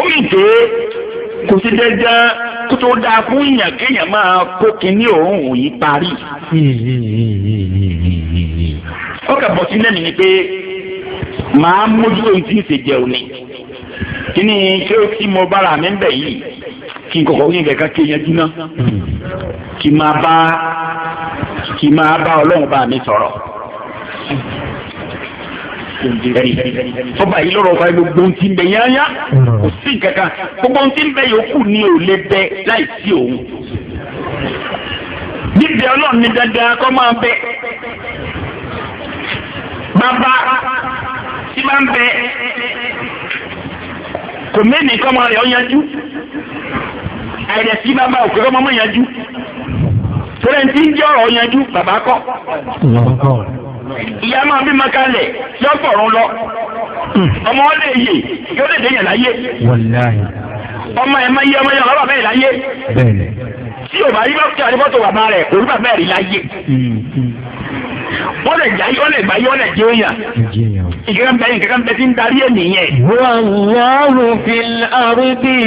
omi ìdè kò sí dandan kó tó dáa fún èèyàn kéèyàn máa kó kinní òórùn yìí parí. ó kà bọ̀ sí lẹ́nu ni pé màá mójútó ohun tí ń ṣe jẹun ni. Kini ṣé o ti mo bára mi bẹ̀ yìí kí n kọ̀kọ́ kí n kẹ̀kẹ́ ké yẹn dúná kí máa bá kí máa bá ọlọ́run bá mi sọ̀rọ̀ fọba yìí lọ́rọ̀ ọba yìí gbogbo ohun bẹ yányá kò sí kankan gbogbo ohun bẹ yòókù ni ò lè bẹ láì sí òun bíbẹ ọlọ́run ní dandan kọ́ máa bẹ bàbá tí máa ń bẹ kò mẹ́ni kọ́mọ rẹ̀ ọ̀yanjú àìrẹ̀sí bàbá òkè kọ́mọ mọ̀ yanjú torí ti ń jẹ́ ọ̀rọ̀ ọ̀yanjú bàbá kọ́ ìyá máa bí makalẹ̀ yọ fọ̀rọ̀ lọ ọmọ ọ lè yè yọ lè dé yàn láyé ọmọ ẹ̀ máa yé ọmọ yẹn ọlọ́ba bẹ́ẹ̀ láyé tí ò bá rí bá tí a rí bọ́tò bàbá rẹ̀ kò rí bàbá rẹ̀ láyé. Hmm, hmm wọ́n lè jà yọ́ lè gbà yọ́ lè jẹ́ èèyàn. ìkẹ́kẹ́ bẹ́ẹ̀ ìkẹ́kẹ́ bẹ́ẹ̀ ti ń darí ènìyàn. wallahu fil ardi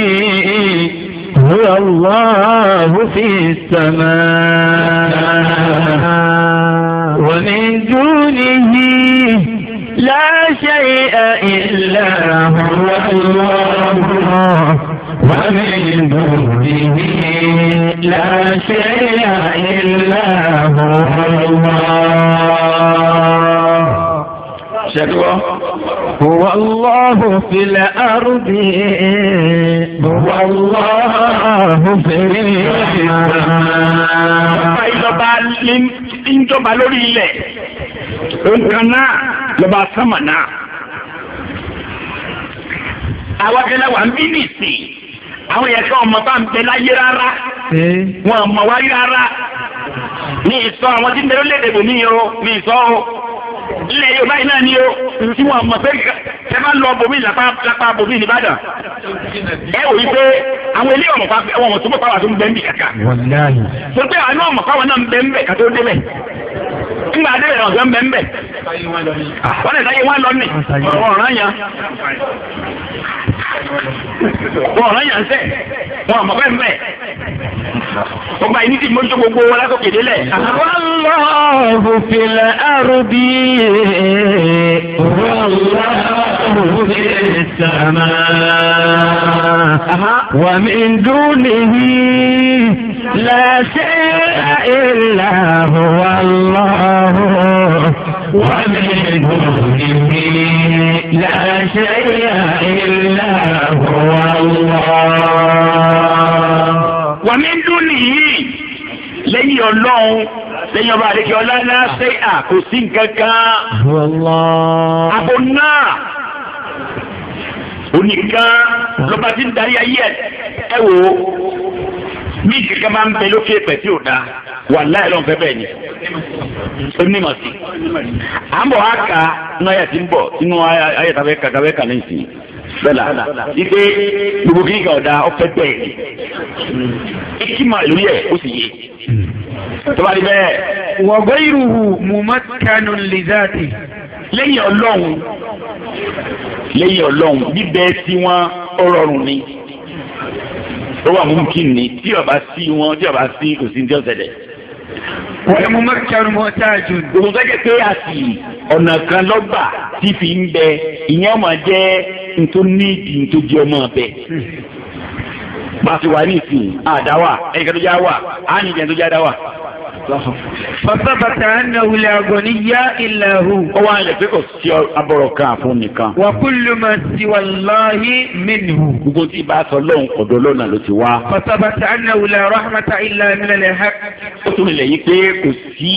wallahu fis samaa wa min dunihi la shay'a illa huwa ومن دونه لا شيء إلا هو الله شكوى هو الله في الأرض هو الله في السماء ìjọba lórí ilẹ̀ nǹkan náà lọ́ba sánmà náà àwọn akẹ́lẹ́ wa ń bí nìsín àwọn yẹn kí ọmọ bá ń bẹ láyé rárá wọn ò mọ̀ wáyé rárá ní ìsọ àwọn tí ń bẹ lórílẹ̀-èdè bò ní o ní ìsọ o ilẹ̀ yorùbá yìí náà ni o tí wọn mọ̀ pé ẹ bá lọ bòmí lápá bòmí nìbàdàn ẹ wò yí pé àwọn ilé ọmọ pàápàá ọmọ tó bọ̀ pàápàá tó ń bẹ ń bì kàkà tó pé àwọn ọmọ pàápàá náà ń bẹ ń bẹ kàtó débẹ̀ nígbà adébẹ̀ náà ọ̀sán bẹ́ẹ̀ bẹ́ẹ̀ wọ́n lè sáyé wọn lọ ní ọ̀ràn yẹn wọn ọ̀rọ̀ yàn sẹ́ wọn àmọ́ bẹ́ẹ̀ bẹ́ẹ̀ ọgbà yìí ní ti mójútó gbogbo wọn lásòkè délẹ̀. wàlláhu fil ardi wàlláhu fis sama wa min dunihi la shay'a illa huwa Allahu wa min dunihi. لا شيء إلا هو الله ومن دونه lẹ́yìn ọlọ́run lẹ́yìn ọba àdékè ọlá náà ṣe à kò sí nǹkan kan. àbò náà onìkan lọ́ba tí ń darí ayé ẹ̀ wò ó bí ìṣèkẹ́ máa ń bẹ lókè pẹ̀ tí ò da wàláhì lọ́n fẹ́ bẹ́ẹ̀ ni ó ní màsí. à ń bọ̀ wá ka inú ayé àti ń bọ̀ inú ayé tàbí kàkà bẹ́ẹ̀ kà lẹ́yìn sí i bẹ́ẹ̀la ipe gbogbo kìíní kan ọ̀dà ọ̀fẹ́ bẹ́ẹ̀ ni ìkímà lórí ẹ̀ ó sì yé tó bá di bẹ́ẹ̀. wọ̀gbẹ́ ìrùhù mùmọ́tánù lìzáàtì. lẹ́yìn ọlọ́run lẹ́yìn ọlọ́run bíbẹ́ sí wọn rọrùn ni ó wà mú kí ni tí ọba sí wọn tí ọba sí kò sí ní ọ̀sẹ̀dẹ̀. wọ́n mú mọ́kìtàrú mọ́ táàjù. gbogbo gẹ́gẹ́ pé àti ọ̀nà kan lọ́gbà tí fi ń bẹ ìyẹn ọmọ jẹ́ ntóníìdì ntójú ọmọ bẹ bá a ti wà ní ìsìn àdáwà ẹnìkan tó já wà á ní ìjẹun tó já dáwà fàbàbàtà ẹnna wulẹ̀ àgọ́ni yá ilẹ̀ hù. ó wá ilẹ̀ pé kò sí abọ́rọ̀ kan fún nìkan. wà á kúlù mà sí wàláhì mìnìhù. gbogbo tí ibà sọ lóhùn ọ̀dọ̀ lọ́nà ló ti wá. fàbàbàtà ẹnna wulẹ̀ rahmata ilẹ̀ nílẹ̀ hàk. ó tún ilẹ̀ yìí pé kò sí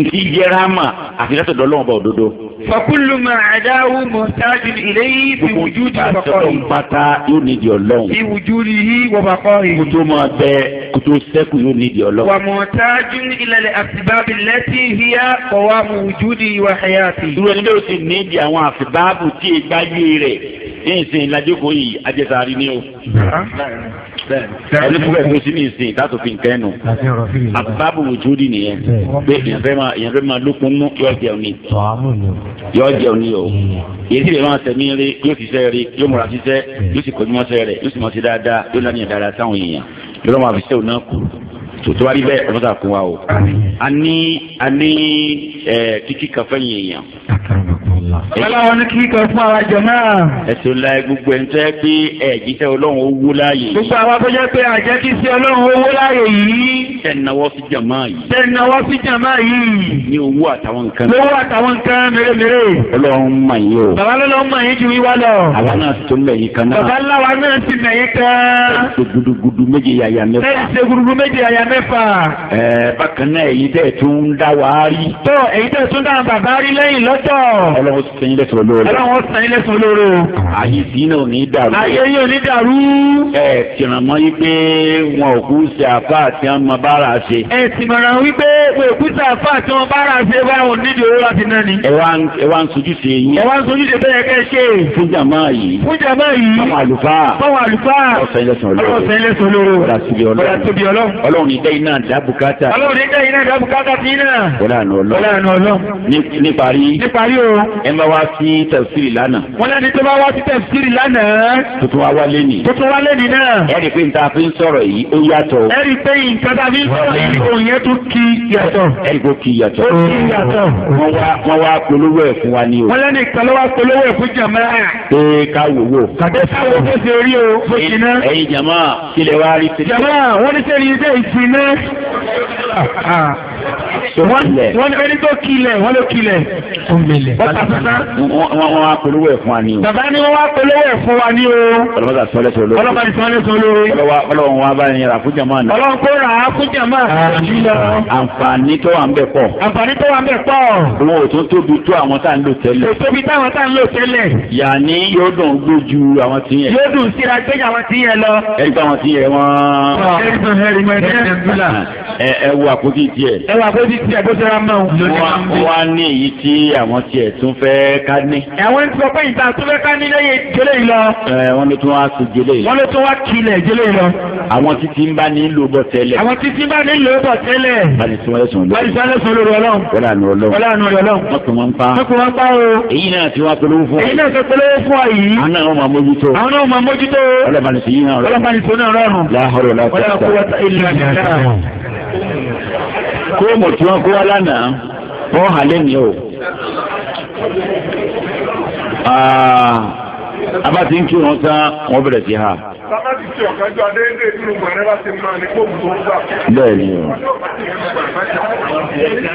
ntí jẹ́rámà àfi látọ̀dọ̀ lọ́wọ́ bá òdodo fọkúlù máa dáwó mọ̀tájú ilé yìí fi wùjú di bàkọ́ yìí. gbogbo pátá yóò nídìí ọlọ́run. fi wùjú di yìí wọ bàkọ́ yìí. kótó máa bẹ kótó sẹ́kù yóò nídìí ọlọ́run. wà mọ̀tájú ilẹ̀ àfibábì lẹ́tí híyá kọ̀wá mu wùjú di ìwà hayati. irú ẹni ló ti nídìí àwọn àfibábù tí ì gbáyé rẹ̀ ní ìsìn ìlàjókòó yìí ajẹ́sàárín ni ó ẹni fún bẹ́ẹ̀ fún sí ní ìsìn ìtàtò fi nǹkan nù àbábò wòjúdì nìyẹn pé èèyàn fẹ́ máa èèyàn fẹ́ máa lókun nú yọ jẹun ni yọ jẹun ni o èyí sì lè máa sẹ́mi rí yóò ti sẹ́ rí yóò múra síṣẹ́ yóò sì kọjú mọ́sẹ́ rẹ̀ yóò sì mọ́ sí dáadáa yóò lánìyàn dáadáa sáwọn èèyàn yóò máa fi sẹ́wọ̀n náà kù tòtò wáyé bẹ́ẹ̀ ọ̀nà tà kún wa o a ní a ní kíkí kàfẹ́ yẹn yàn ọlọ́run ní kíkọ fún àwa jọ náà. ẹ̀sùn la gbogbo ẹ̀ ń tẹ́ pé ẹ̀jíṣẹ́ ọlọ́run ó wó láàyè. gbogbo àwa tó jẹ́ pé àjẹjíṣẹ́ ọlọ́run ó wó láàyè yìí. tẹ̀náwọ́ sí jàmá yìí. tẹ̀náwọ́ sí jàmá yìí. ní owó àtàwọn nǹkan. owó àtàwọn nǹkan mèremère. ọlọ́run mà yín o. bàbá lọ́lọ́run mà yín ju wíwá lọ. àwa náà tó mẹ̀yìn kan náà. bàbá láwa náà ti mẹ̀yìn kan. ẹ ṣe gudugudu méje yàyà mẹ́fà. ẹ ṣe gudugudu méje yàyà mẹ́fà. ẹ bákan ọlọ́run ti sẹ́yìn lẹ́sùn olóró. ọlọ́run ti sẹ́yìn lẹ́sùn olóró. ààyè ìdínà ò ní dàrú. ààyè yìí ò ní dàrú. ẹ tìrànmọ́ yí pé wọn ò kú sí àfa àti wọn mọ bára ṣe. ẹ tìmọ̀ràn wí pé wọn ò kú sí àfa àti wọn bára ṣe báwọn nídìí owó láti náà ni. ẹ wá ń sojú sí eyín. ẹ wá ń sojú sí bẹ́ẹ̀ kẹ́ ṣe. fún jàmá yìí. fún jàmá yìí. fáwọn àlùfáà. fáwọn àlùfáà. ọ̀sẹ̀ ilẹ̀sùn olóró. ọ̀sẹ̀ ilẹ̀sùn olóró. ọ̀dà tóbi ọlọ́run. ọ̀dà tóbi ọlọ́run. ọlọ́run ní dẹ́yìn náà dábùkátà. ọlọ́run ní dẹ́yìn náà dábùkátà sí náà. ọlọ́run ọlọ́run. ọlọ́run ọlọ́run. níparí. níparí o ẹ máa wá sí tẹ̀síìrì lánàá. wọ́n lẹ́ni tó bá wá sí tẹ̀síìrì lánàá. tuntun wa wá lẹ́nì. tuntun wa lẹ́nì náà. ẹ rí i pé nǹkan fi ń sọ̀rọ̀ yìí ó yàtọ̀. ẹ rí i pé nǹkan tá a fi ń sọ̀rọ̀ yìí òun yẹn tún kí yàtọ̀. ẹ rí i pé kí yàtọ̀. ó kí yàtọ̀. wọ́n wá polówó ẹ̀ fún wa ní o. wọ́n lẹ́ni kan polówó ẹ̀ fún wọ́n ní ẹni tó kilẹ̀ wọ́n ló kilẹ̀. wọ́n wá polówó ẹ̀ fún wa ni o. bàbá ni wọ́n wá polówó ẹ̀ fún wa ni o. ọlọ́mọdé sọ́lẹ̀ sọ lórí. ọlọ́mọdé sọ́lẹ̀ sọ lórí. ọlọ́wọ́n wa bá yẹn ra fún jama náà. ọlọ́wọ́n kó ra fún jama. àǹfààní tó wà ń bẹ̀ pọ̀. àǹfààní tó wà ń bẹ̀ pọ̀. owó ò tún tóbi tó àwọn tá à ń lò tẹ́lẹ̀. kò tóbi táwọn tá à ẹ wà pé bí tiẹ̀ bó ṣe ra mọ́ òun. wọ́n á ní èyí tí àwọn tiẹ̀ tún fẹ́ ká ní. àwọn ti sọ pé ìta tún fẹ́ ká ní lẹ́yìn jẹlé yìí lọ. ẹ wọ́n ló tún wá sí jẹlé yìí. wọ́n ló tún wá kilẹ̀ jẹlé yìí lọ. àwọn títí ń bá ní ló bọ̀ tẹ́lẹ̀. àwọn títí ń bá ní ló bọ̀ tẹ́lẹ̀. báyìí tí wọ́n ọlọ́run. wọ́n lànà o. èyí náà ti wá polówó fún wa. èyí náà ti polówó fún wa yìí. àwọn náà wọ́n máa mójútó. àwọn náà wọ́n máa mójútó. ọlọ́mọdé kóòmù tí wọ́n kó wá lánàá wọ́n hà lẹ́nu o. abá ti ń kí wọn tán wọ́n bẹ̀rẹ̀ sí ha bẹ́ẹ̀ o.